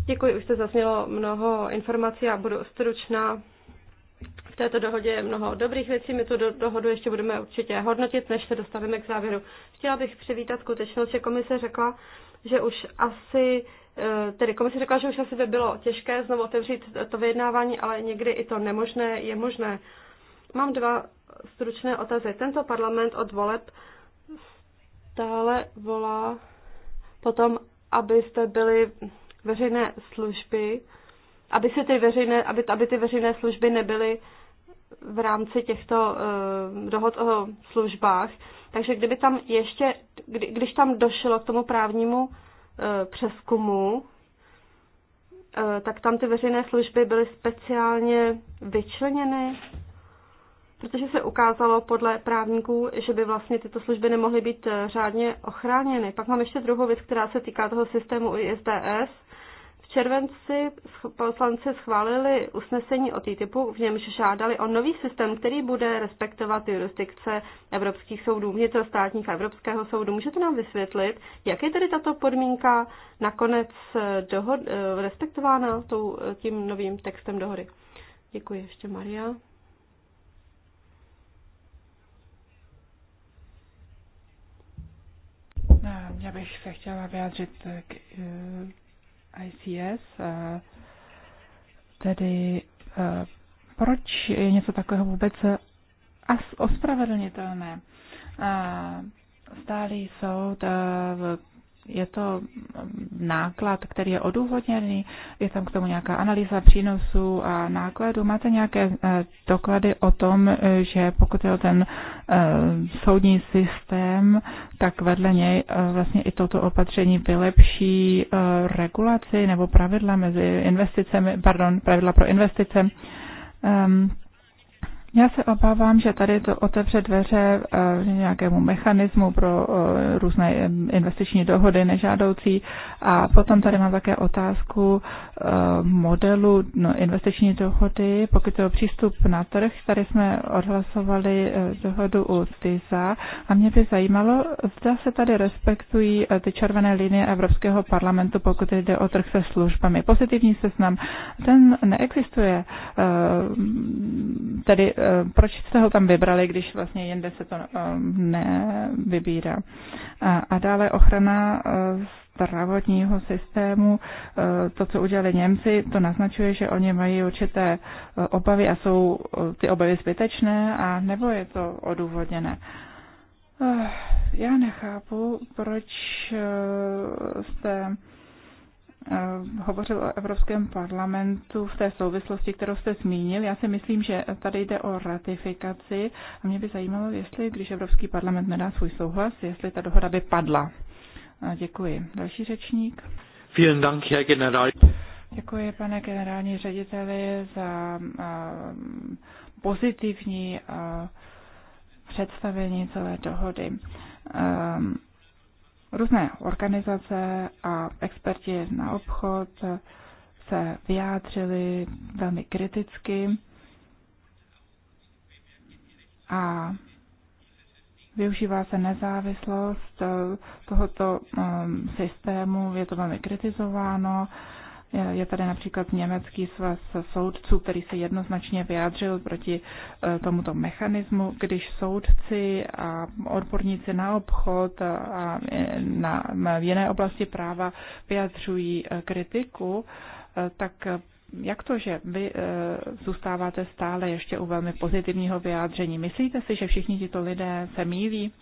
Děkuji, už jste zaznělo mnoho informací a budu stručná. V této dohodě je mnoho dobrých věcí, my tu do, dohodu ještě budeme určitě hodnotit, než se dostaneme k závěru. Chtěla bych přivítat skutečnost, že komise řekla, že už asi, eh, tedy komise řekla, že už asi by bylo těžké znovu otevřít to vyjednávání, ale někdy i to nemožné je možné. Mám dva stručné otazy. Tento parlament od voleb stále volá potom, abyste byli veřejné služby, aby se ty veřejné, aby, aby ty veřejné služby nebyly v rámci těchto eh, dohod o službách. Takže kdyby tam ještě, kdy, když tam došlo k tomu právnímu eh, přeskumu, eh, tak tam ty veřejné služby byly speciálně vyčleněny, protože se ukázalo podle právníků, že by vlastně tyto služby nemohly být řádně ochráněny. Pak mám ještě druhou věc, která se týká toho systému ISDS červenci poslanci schválili usnesení o TTIPu, v němž žádali o nový systém, který bude respektovat jurisdikce evropských soudů, vnitrostátních a Evropského soudu. Můžete nám vysvětlit, jak je tedy tato podmínka nakonec eh, dohod, eh, respektována tou, eh, tím novým textem dohody? Děkuji ještě, Maria. Já bych se chtěla vyjádřit k ICS, eh, tedy eh, proč je něco takového vůbec eh, ospravedlnitelné? Stálý soud v je to náklad, který je odůvodněný, je tam k tomu nějaká analýza přínosů a nákladů. Máte nějaké eh, doklady o tom, eh, že pokud je ten eh, soudní systém, tak vedle něj vlastně i toto opatření vylepší regulaci nebo pravidla mezi investicemi, pardon, pravidla pro investice. Ehm, já se obávám, že tady to otevře dveře eh, nějakému mechanismu pro eh, různé eh, investiční dohody nežádoucí. A potom tady mám také otázku modelu no, investiční dohody, pokud je přístup na trh. Tady jsme odhlasovali dohodu u TISA a mě by zajímalo, zda se tady respektují ty červené linie Evropského parlamentu, pokud jde o trh se službami. Pozitivní seznam, ten neexistuje. Tedy Eh, proč jste ho tam vybrali, když vlastně jinde se to eh, nevybírá. A dále ochrana eh, zdravotního systému. To, co udělali Němci, to naznačuje, že oni mají určité obavy a jsou ty obavy zbytečné a nebo je to odůvodněné. Já nechápu, proč jste Eh, hovořil o Evropském parlamentu v té souvislosti, kterou jste zmínil. Já si myslím, že tady jde o ratifikaci a mě by zajímalo, jestli, když Evropský parlament nedá svůj souhlas, jestli ta dohoda by padla. Eh, děkuji. Další řečník. Vielen Dank, Herr General. Děkuji, pane generální řediteli, za eh, pozitivní představení celé dohody. Různé organizace a experti na obchod se vyjádřili velmi kriticky a využívá se nezávislost tohoto ehm, systému, je to velmi kritizováno Eh, je tady například německý svaz soudců, který se jednoznačně vyjádřil proti eh, tomuto mechanismu, když soudci a odborníci na obchod a na jiné oblasti práva vyjadřují eh, kritiku, tak jak to, že vy zůstáváte stále ještě u velmi pozitivního vyjádření? Myslíte si, že všichni tito lidé se mílí?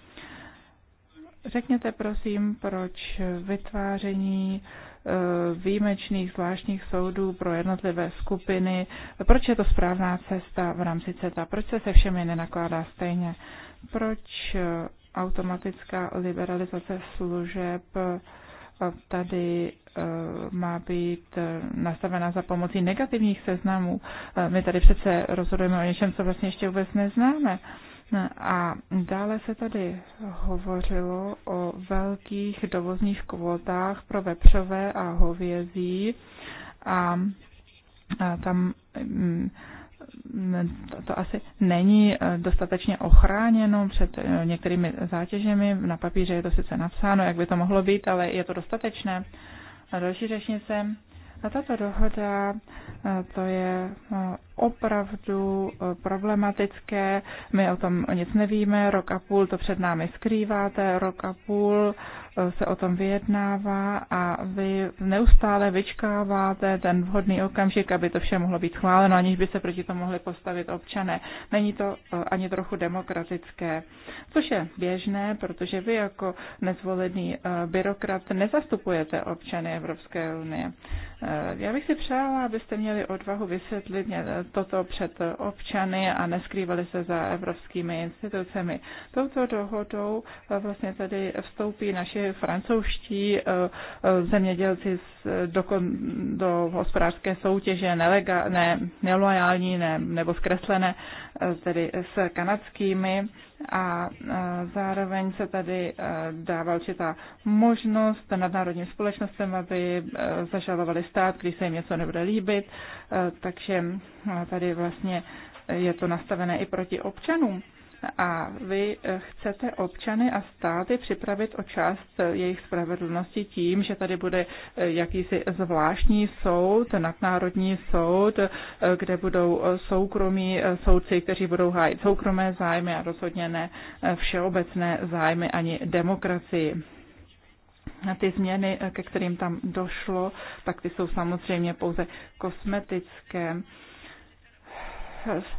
Řekněte prosím, proč vytváření Eh, výjimečných zvláštních soudů pro jednotlivé skupiny. Proč je to správná cesta v rámci CETA? Proč se se všemi nenakládá stejně? Proč eh, automatická liberalizace služeb eh, tady má být nastavena za pomocí negativních seznamů. My tady přece rozhodujeme o něčem, co vlastně ještě vůbec neznáme. A dále se tady hovořilo o velkých dovozních kvótách pro vepřové a hovězí a, a tam mm, to, to asi není eh, dostatečně ochráněno před eh, některými zátěžemi. Na papíře je to sice napsáno, jak by to mohlo být, ale je to dostatečné. A další řečnice. A tato dohoda, eh, to je eh, opravdu eh, problematické. My o tom nic nevíme, rok a půl to před námi skrýváte, rok a půl se o tom vyjednává a vy neustále vyčkáváte ten vhodný okamžik, aby to vše mohlo být schváleno, aniž by se proti tomu mohli postavit občané. Není to ani trochu demokratické, což je běžné, protože vy jako nezvolený byrokrat nezastupujete občany Evropské unie. Já bych si přála, abyste měli odvahu vysvětlit toto před občany a neskrývali se za evropskými institucemi. Touto dohodou vlastně tady vstoupí naši francouzští eh, eh, zemědělci do, do hospodářské soutěže nelega, ne, nelojální ne, nebo zkreslené eh, tedy s kanadskými a zároveň se tady dává určitá možnost nadnárodním společnostem, aby zažalovali stát, když se jim něco nebude líbit, eh, takže eh, tady vlastně je to nastavené i proti občanům. A vy eh, chcete občany a státy připravit o část jejich spravedlnosti tím, že tady bude jakýsi zvláštní soud, nadnárodní soud, kde budou soukromí soudci, kteří budou hájit soukromé zájmy a rozhodně ne všeobecné zájmy ani demokracii ty změny, eh, ke kterým tam došlo, tak ty jsou samozřejmě pouze kosmetické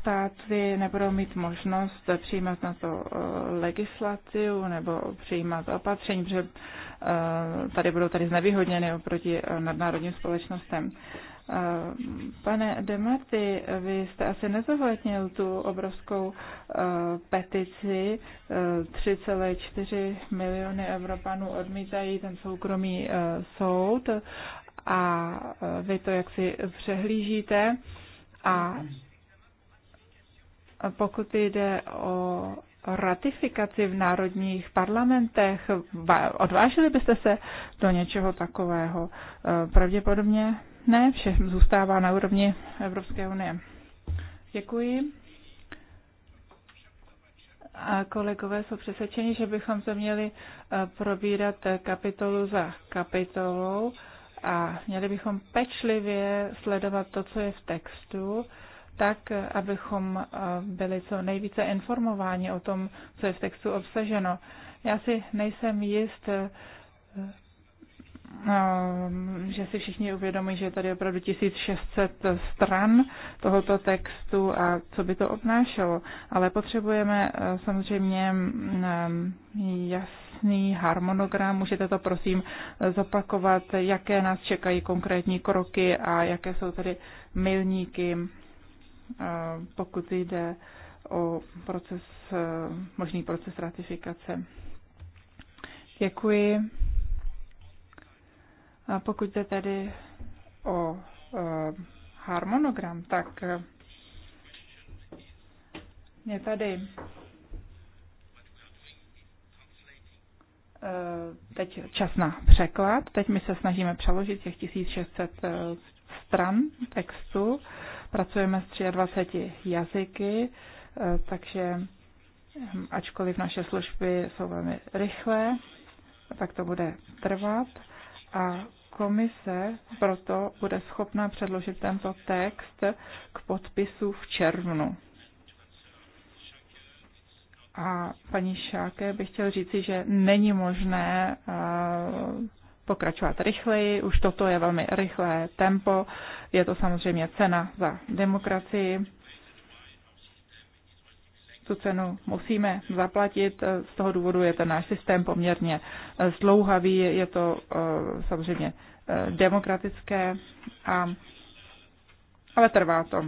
státy nebudou mít možnost přijímat na to eh, legislativu nebo přijímat opatření, protože eh, tady budou tady znevýhodněny oproti nadnárodním společnostem. Eh, pane Demarty, vy jste asi nezohlednil tu obrovskou eh, petici. 3,4 eh, miliony Evropanů odmítají ten soukromý soud a vy to jaksi přehlížíte. A pokud jde o ratifikaci v národních parlamentech, odvážili byste se do něčeho takového? Pravděpodobně ne, vše zůstává na úrovni Evropské unie. Děkuji. A kolegové jsou přesvědčeni, že bychom se měli eh, probírat eh, kapitolu za kapitolou a měli bychom pečlivě sledovat to, co je v textu, tak, eh, abychom byli co nejvíce informováni o tom, co je v textu obsaženo. Já si nejsem jist, Ehm, že si všichni uvědomí, že je tady opravdu 1600 stran tohoto textu a co by to obnášelo. Ale potřebujeme eh, samozřejmě ehm, jasný harmonogram. Můžete to prosím zopakovat, jaké nás čekají konkrétní kroky a jaké jsou tady milníky, ehm, pokud jde o proces, eh, možný proces ratifikace. Děkuji. A pokud jde tedy o e, harmonogram, tak je tady e, teď čas na překlad. Teď my se snažíme přeložit těch 1600 e, stran textu. Pracujeme s 23 jazyky, takže ačkoliv naše služby jsou velmi rychlé, tak to bude trvat a komise proto bude schopna předložit tento text k podpisu v červnu. A paní Šáke bych chtěl říci, že není možné eh, pokračovat rychleji, už toto je velmi rychlé tempo, je to samozřejmě cena za demokracii tu cenu musíme zaplatit. Z toho důvodu je ten náš systém poměrně slouhavý, eh, je to eh, samozřejmě eh, demokratické, a, ale trvá to.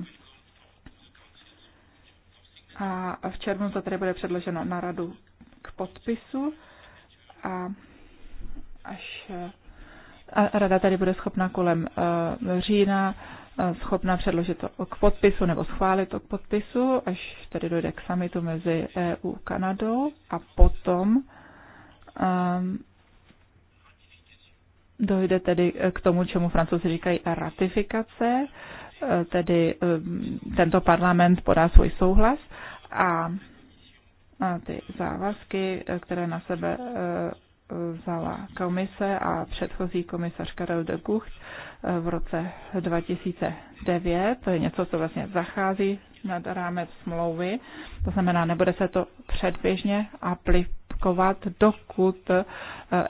A v červnu to tady bude předloženo na radu k podpisu a až a rada tady bude schopna kolem října schopna předložit to k podpisu nebo schválit to k podpisu, až tady dojde k samitu mezi EU a Kanadou a potom um, dojde tedy k tomu, čemu francouzi říkají ratifikace, e, tedy um, tento parlament podá svůj souhlas a ty závazky, e, které na sebe e, vzala komise a předchozí komisař Karel de Gucht eh, v roce 2009. To je něco, co vlastně zachází nad rámec smlouvy. To znamená, nebude se to předběžně aplikovat, dokud eh,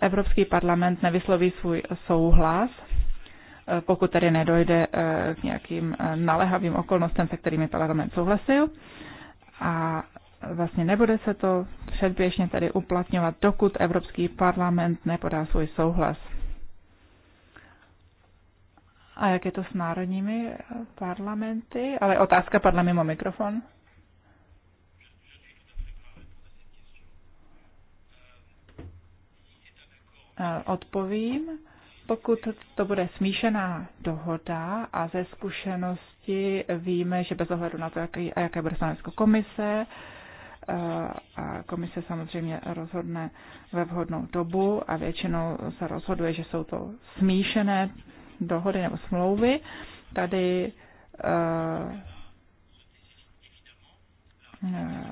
Evropský parlament nevysloví svůj souhlas eh, pokud tedy nedojde k nějakým nalehavým okolnostem, se kterými parlament souhlasil. A vlastně nebude se to předběžně tady uplatňovat, dokud Evropský parlament nepodá svůj souhlas. A jak je to s národními eh, parlamenty? Ale otázka padla mimo mikrofon. Eh, odpovím. Pokud to bude smíšená dohoda a ze zkušenosti víme, že bez ohledu na to, jaké bude stanovisko komise, a komise samozřejmě rozhodne ve vhodnou dobu a většinou se rozhoduje, že jsou to smíšené dohody nebo smlouvy. Tady eh, eh,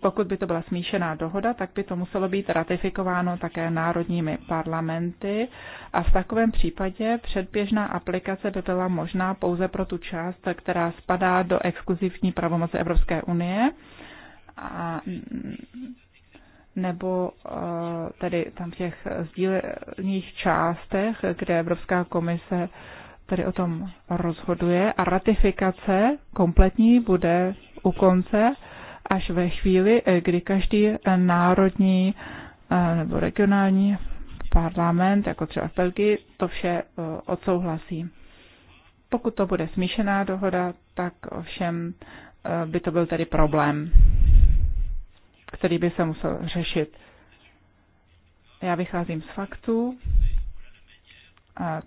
pokud by to byla smíšená dohoda, tak by to muselo být ratifikováno také národními parlamenty a v takovém případě předběžná aplikace by byla možná pouze pro tu část, která spadá do exkluzivní pravomoci Evropské unie a nebo eh, tedy tam v těch sdílených částech, kde Evropská komise tady o tom rozhoduje a ratifikace kompletní bude u konce až ve chvíli, eh, kdy každý národní eh, nebo regionální parlament, jako třeba v Belgii, to vše odsouhlasí. Pokud to bude smíšená dohoda, tak ovšem by to byl tedy problém který by se musel řešit. Já vycházím z faktů,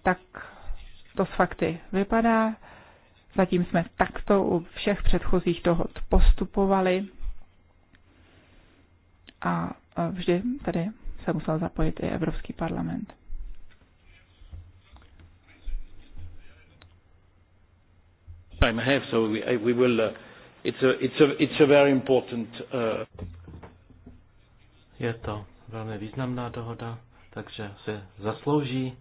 tak to z fakty vypadá. Zatím jsme takto u všech předchozích dohod postupovali a vždy tady se musel zapojit i Evropský parlament. Time I have, so we, we will. Uh, it's a, it's a, it's a very important. Uh... Je to velmi významná dohoda, takže se zaslouží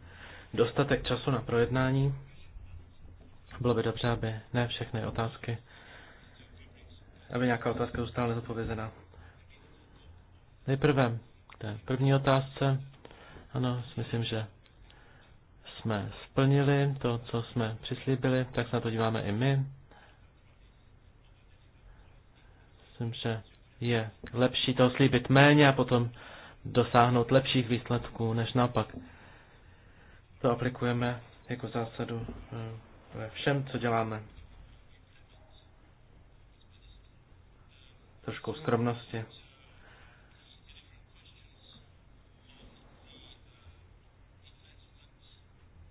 dostatek času na projednání. Bylo by dobře, aby ne všechny otázky, aby nějaká otázka zůstala nezapovězená. Nejprve k té první otázce. Ano, myslím, že jsme splnili to, co jsme přislíbili, tak se na to díváme i my. Myslím, že je lepší to slíbit méně a potom dosáhnout lepších výsledků, než naopak. To aplikujeme jako zásadu eh, ve všem, co děláme. Trošku skromnosti.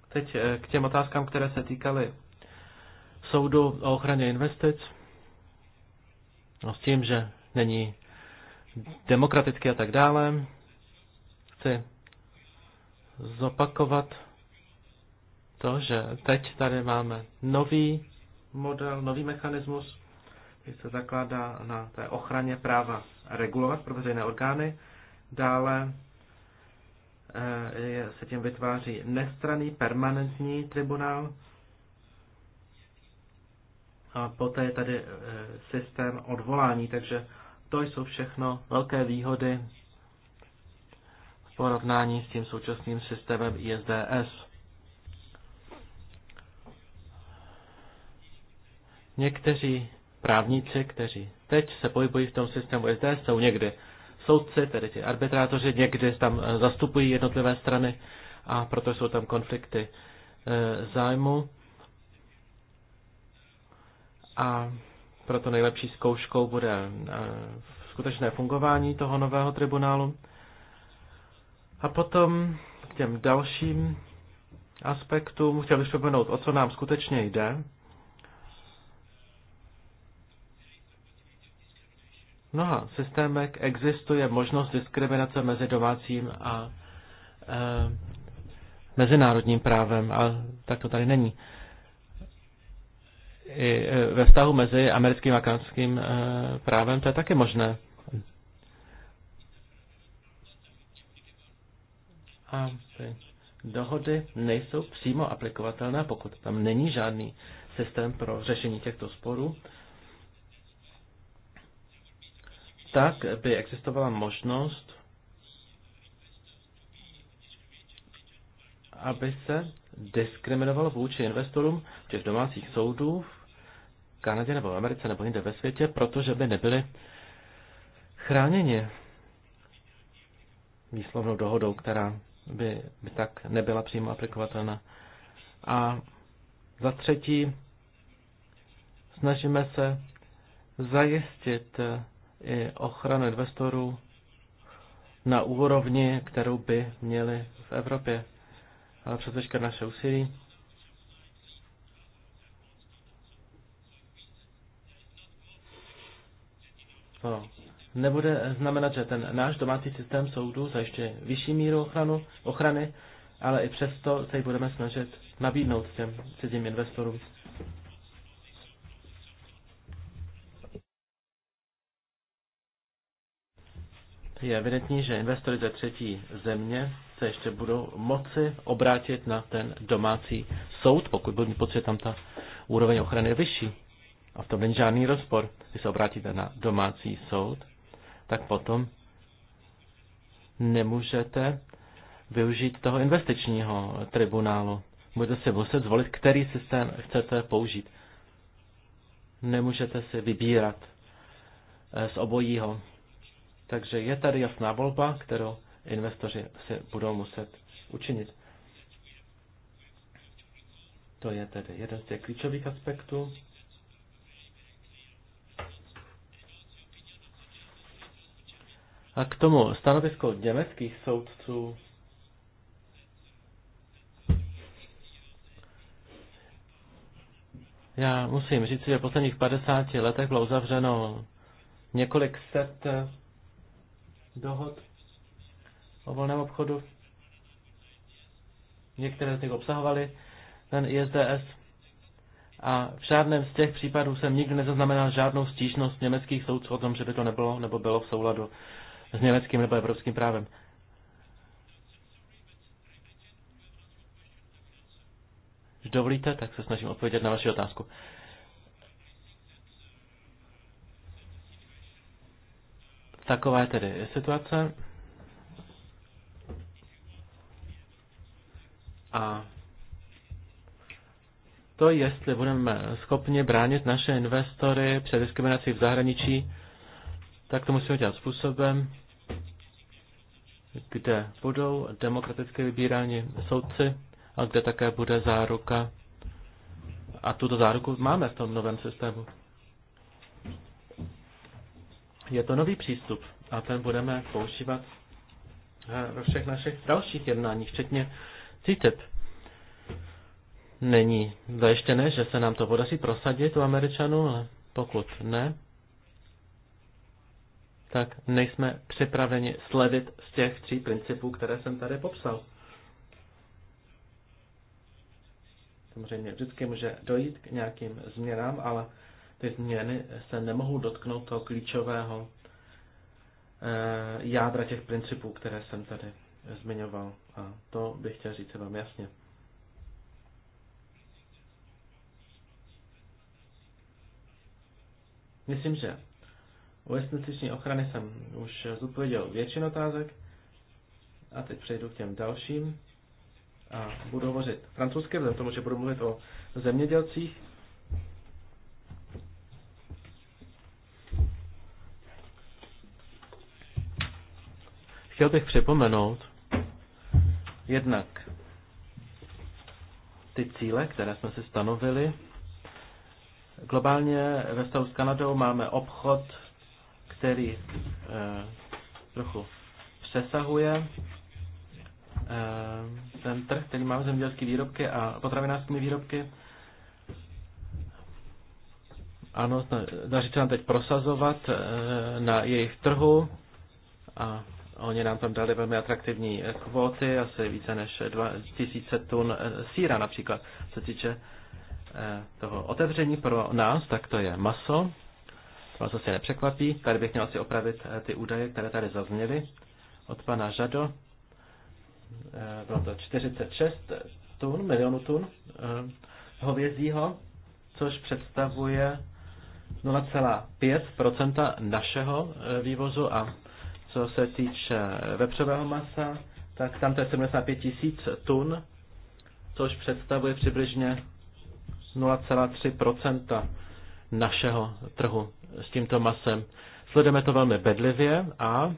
Teď eh, k těm otázkám, které se týkaly soudu o ochraně investic. No s tím, že není demokratický a tak dále. Chci zopakovat to, že teď tady máme nový model, nový mechanismus, který se zakládá na té ochraně práva regulovat pro veřejné orgány. Dále eh, se tím vytváří nestraný permanentní tribunál. A poté je tady eh, systém odvolání, takže to jsou všechno velké výhody v porovnání s tím současným systémem ISDS. Někteří právníci, kteří teď se pohybují v tom systému ISDS, jsou někdy soudci, tedy ti arbitrátoři, někdy tam eh, zastupují jednotlivé strany a proto jsou tam konflikty eh, zájmu. A proto nejlepší zkouškou bude eh, skutečné fungování toho nového tribunálu. A potom k těm dalším aspektům chtěl bych připomenout, o co nám skutečně jde. V mnoha systémech existuje možnost diskriminace mezi domácím a e, mezinárodním právem, ale tak to tady není. E, i e, ve vztahu mezi americkým a kanadským e, právem, to je také možné. A ty dohody nejsou přímo aplikovatelné, pokud tam není žádný systém pro řešení těchto sporů, tak by existovala možnost, aby se diskriminovalo vůči investorům těch domácích soudů v Kanadě nebo v Americe nebo jinde ve světě, protože by nebyly chráněni výslovnou dohodou, která by, by tak nebyla přímo aplikovatelná. A za třetí, snažíme se zajistit eh, i ochranu investorů na úrovni, kterou by měli v Evropě. Ale přes naše úsilí to no, nebude znamenat, že ten náš domácí systém soudů zajišťuje vyšší míru ochranu, ochrany, ale i přesto se ji budeme snažit nabídnout těm cizím investorům. Je evidentní, že investory ze třetí země se ještě budou moci obrátit na ten domácí soud, pokud budou mít pocit, že tam ta úroveň ochrany je vyšší a v tom není žádný rozpor, když se obrátíte na domácí soud, tak potom nemůžete využít toho investičního tribunálu. Budete si muset zvolit, který systém chcete použít. Nemůžete si vybírat eh, z obojího. Takže je tady jasná volba, kterou investoři si budou muset učinit. To je tedy jeden z těch klíčových aspektů. A k tomu stanovisko německých soudců. Já musím říct, že v posledních 50 letech bylo uzavřeno několik set eh, dohod o volném obchodu. Některé z nich obsahovaly ten ISDS. A v žádném z těch případů jsem nikdy nezaznamenal žádnou stížnost německých soudců o tom, že by to nebylo nebo bylo v souladu s německým nebo evropským právem. Když dovolíte, tak se snažím odpovědět na vaši otázku. Taková je tedy situace. A to, jestli budeme schopni bránit naše investory před diskriminací v zahraničí, tak to musíme dělat způsobem, kde budou demokraticky vybíráni soudci a kde také bude záruka. A tuto záruku máme v tom novém systému. Je to nový přístup a ten budeme používat eh, ve všech našich dalších jednáních, včetně TTIP. Není zajištěné, že se nám to podaří prosadit u Američanů, ale pokud ne, tak nejsme připraveni sledit z těch tří principů, které jsem tady popsal. Samozřejmě vždycky může dojít k nějakým změnám, ale ty změny se nemohou dotknout toho klíčového eh, jádra těch principů, které jsem tady zmiňoval. A to bych chtěl říct vám jasně. Myslím, že u instituční ochrany jsem už zodpověděl většinu otázek a teď přejdu k těm dalším a budu hovořit francouzsky, vzhledem tomu, že budu mluvit o zemědělcích. Chtěl bych připomenout jednak ty cíle, které jsme si stanovili. Globálně ve stavu s Kanadou máme obchod který eh, trochu přesahuje eh, ten trh, který má zemědělské výrobky a potravinářské výrobky. Ano, daří se nám teď prosazovat eh, na jejich trhu a oni nám tam dali velmi atraktivní kvóty, asi více než 2000 tun síra například. Co se týče toho otevření pro nás, tak to je maso, vás asi nepřekvapí. Tady bych měl si opravit eh, ty údaje, které tady zazněly od pana Žado. Eh, bylo to 46 tun, milionů tun eh, hovězího, což představuje 0,5 našeho vývozu a co se týče vepřového masa, tak tam to je 75 tisíc tun, což představuje přibližně 0,3 našeho trhu s tímto masem. Sledujeme to velmi bedlivě a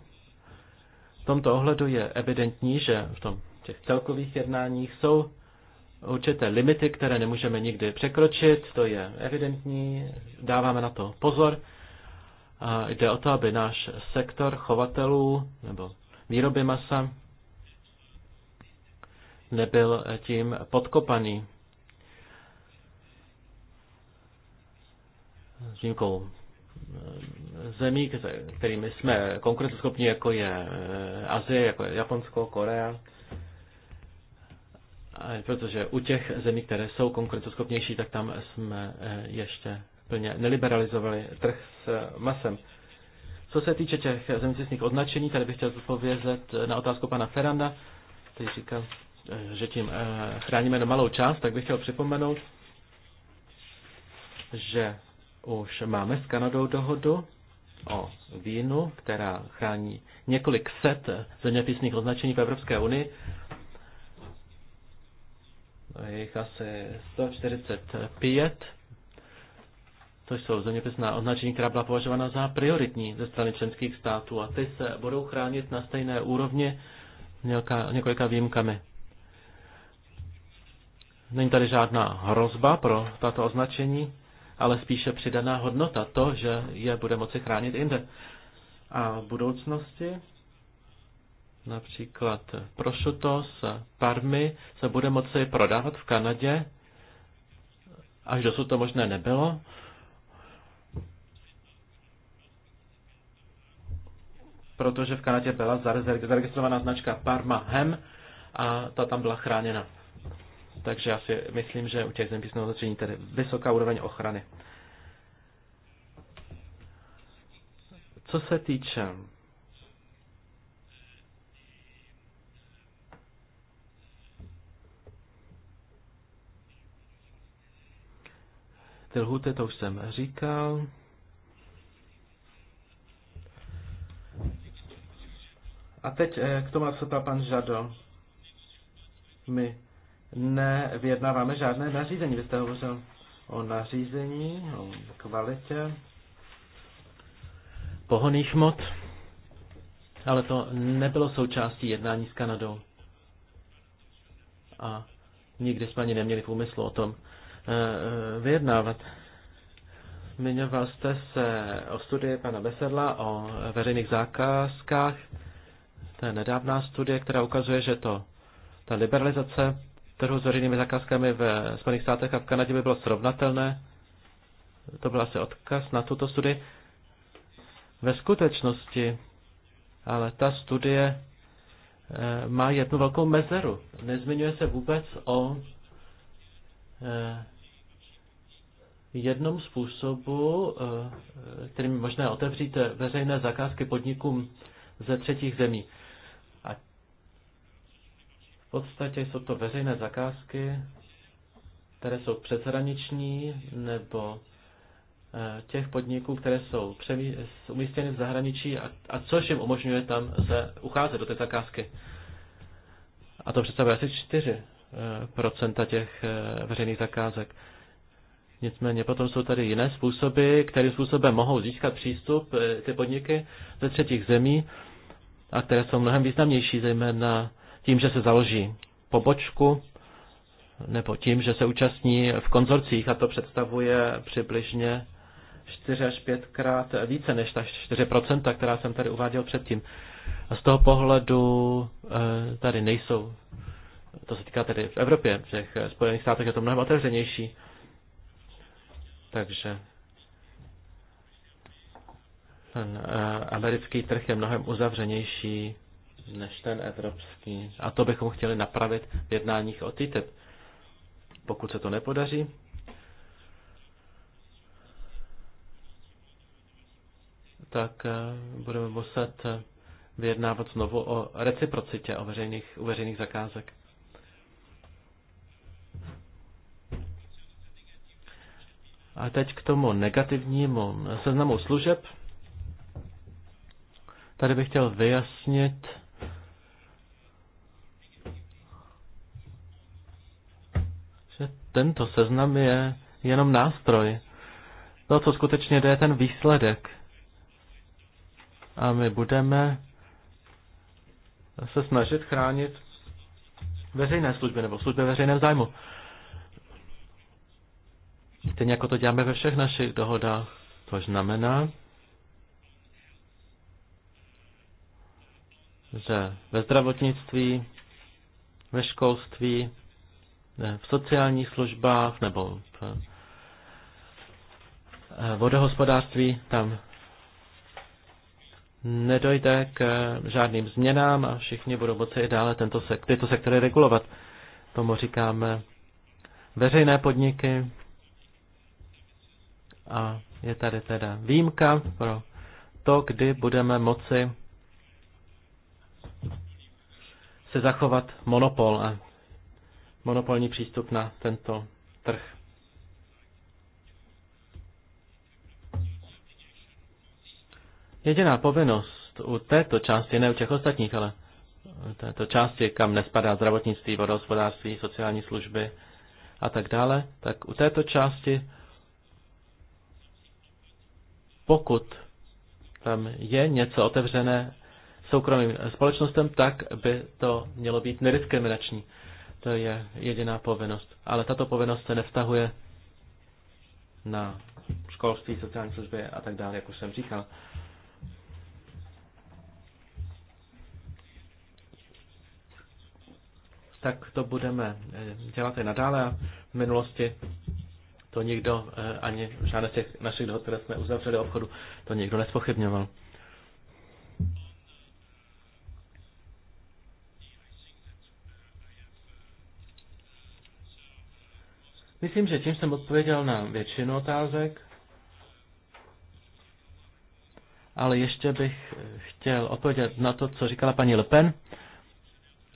v tomto ohledu je evidentní, že v tom těch celkových jednáních jsou určité limity, které nemůžeme nikdy překročit, to je evidentní, dáváme na to pozor. A jde o to, aby náš sektor chovatelů nebo výroby masa nebyl tím podkopaný. S výjimkou zemí, kterými jsme konkurenceschopní, jako je eh, Azie, jako je Japonsko, Korea, protože u těch zemí, které jsou konkurenceschopnější, tak tam jsme eh, ještě plně neliberalizovali trh s eh, masem. Co se týče těch zeměpisných označení, tady bych chtěl odpovědět na otázku pana Feranda, který říkal, že tím chráníme na malou část, tak bych chtěl připomenout, že už máme s Kanadou dohodu o vínu, která chrání několik set zeměpisných označení v Evropské unii. Je jich asi 145. To jsou zeměpisná označení, která byla považována za prioritní ze strany členských států a ty se budou chránit na stejné úrovni několika, několika výjimkami. Není tady žádná hrozba pro tato označení ale spíše přidaná hodnota, to, že je bude moci chránit jinde. A v budoucnosti například prošuto s Parmy se bude moci prodávat v Kanadě, až dosud to možné nebylo. protože v Kanadě byla zaregistrovaná značka Parma Hem a ta tam byla chráněna takže já si myslím, že u těch zeměpisného označení tedy vysoká úroveň ochrany. Co se týče ty lhuty, to už jsem říkal. A teď eh, k tomu, co ptal pan Žado. My nevyjednáváme žádné nařízení. Vy jste hovořil o nařízení, o kvalitě pohoných hmot, ale to nebylo součástí jednání s Kanadou. A nikdy jsme ani neměli v úmyslu o tom eh, eh, vyjednávat. Zmiňoval jste se o studii pana Besedla o veřejných zákazkách. To je nedávná studie, která ukazuje, že to, ta liberalizace trhu s veřejnými zakázkami ve Spojených státech a v Kanadě by bylo srovnatelné. To byl asi odkaz na tuto studii. Ve skutečnosti ale ta studie eh, má jednu velkou mezeru. Nezmiňuje se vůbec o eh, jednom způsobu, eh, kterým možná možné otevřít veřejné zakázky podnikům ze třetích zemí podstatě jsou to veřejné zakázky, které jsou přeshraniční nebo eh, těch podniků, které jsou umístěny v zahraničí a, a což jim umožňuje tam se ucházet do té zakázky. A to představuje asi 4% eh, těch eh, veřejných zakázek. Nicméně potom jsou tady jiné způsoby, kterým způsobem mohou získat přístup ty podniky ze třetích zemí a které jsou mnohem významnější, zejména tím, že se založí pobočku nebo tím, že se účastní v konzorcích a to představuje přibližně 4 až 5 krát více než ta 4%, která jsem tady uváděl předtím. A z toho pohledu eh, tady nejsou, to se týká tedy v Evropě, v těch Spojených státech je to mnohem otevřenější. Takže ten eh, americký trh je mnohem uzavřenější než ten evropský. A to bychom chtěli napravit v jednáních o TTIP. Pokud se to nepodaří, tak eh, budeme muset eh, vyjednávat znovu o reciprocitě o veřejných, u veřejných zakázek. A teď k tomu negativnímu seznamu služeb. Tady bych chtěl vyjasnit, tento seznam je jenom nástroj. To, co skutečně jde, je ten výsledek. A my budeme se snažit chránit veřejné služby nebo služby veřejného zájmu. Stejně jako to děláme ve všech našich dohodách, což znamená, že ve zdravotnictví, ve školství, v sociálních službách nebo v eh, vodohospodářství, tam nedojde k eh, žádným změnám a všichni budou moci i dále tento sek- tyto sektory regulovat. Tomu říkáme veřejné podniky a je tady teda výjimka pro to, kdy budeme moci se zachovat monopol a monopolní přístup na tento trh. Jediná povinnost u této části, ne u těch ostatních, ale u této části, kam nespadá zdravotnictví, vodohospodářství, sociální služby a tak dále, tak u této části, pokud tam je něco otevřené soukromým společnostem, tak by to mělo být nediskriminační. To je jediná povinnost. Ale tato povinnost se nevztahuje na školství, sociální služby a tak dále, jak už jsem říkal. Tak to budeme eh, dělat i nadále a v minulosti to nikdo, eh, ani žádné z těch našich dohod, které jsme uzavřeli obchodu, to nikdo nespochybňoval. Myslím, že tím jsem odpověděl na většinu otázek, ale ještě bych chtěl odpovědět na to, co říkala paní Le Pen.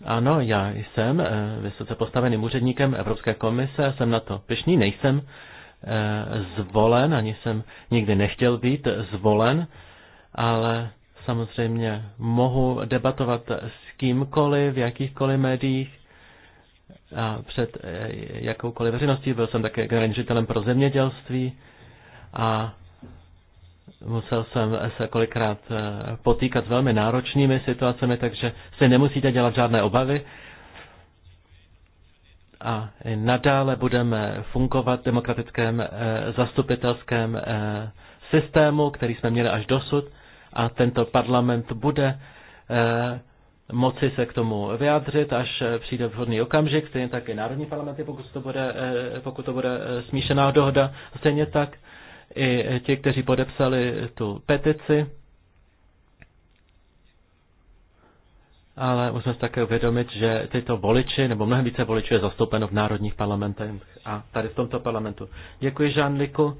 Ano, já jsem eh, vysoce postaveným úředníkem Evropské komise, jsem na to pyšný, nejsem eh, zvolen, ani jsem nikdy nechtěl být zvolen, ale samozřejmě mohu debatovat s kýmkoliv, v jakýchkoliv médiích, a před eh, jakoukoliv veřejností. Byl jsem také generálním ředitelem pro zemědělství a musel jsem se kolikrát eh, potýkat s velmi náročnými situacemi, takže si nemusíte dělat žádné obavy. A nadále budeme fungovat v demokratickém eh, zastupitelském systému, který jsme měli až dosud a tento parlament bude moci se k tomu vyjádřit, až eh, přijde vhodný okamžik, stejně tak i národní parlamenty, pokud to bude, eh, pokud to bude eh, smíšená dohoda, stejně tak i ti, kteří podepsali tu petici. Ale musíme se také uvědomit, že tyto voliči, nebo mnohem více voličů je zastoupeno v národních parlamentech a tady v tomto parlamentu. Děkuji, Žán Liku.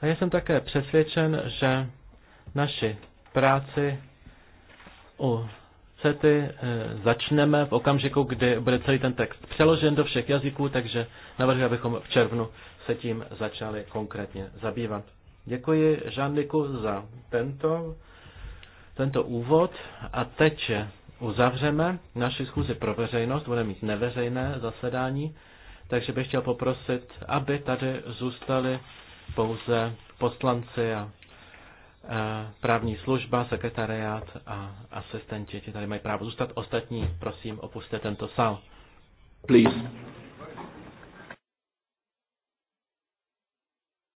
A já jsem také přesvědčen, že naši práci u sety eh, začneme v okamžiku, kdy bude celý ten text přeložen do všech jazyků, takže navrhuji, abychom v červnu se tím začali konkrétně zabývat. Děkuji Žánliku za tento, tento úvod a teď uzavřeme naši schůzi pro veřejnost, budeme mít neveřejné zasedání, takže bych chtěl poprosit, aby tady zůstali pouze poslanci a Eh, právní služba, sekretariát a asistenti, ti tady mají právo zůstat. Ostatní, prosím, opuste tento sál. Please.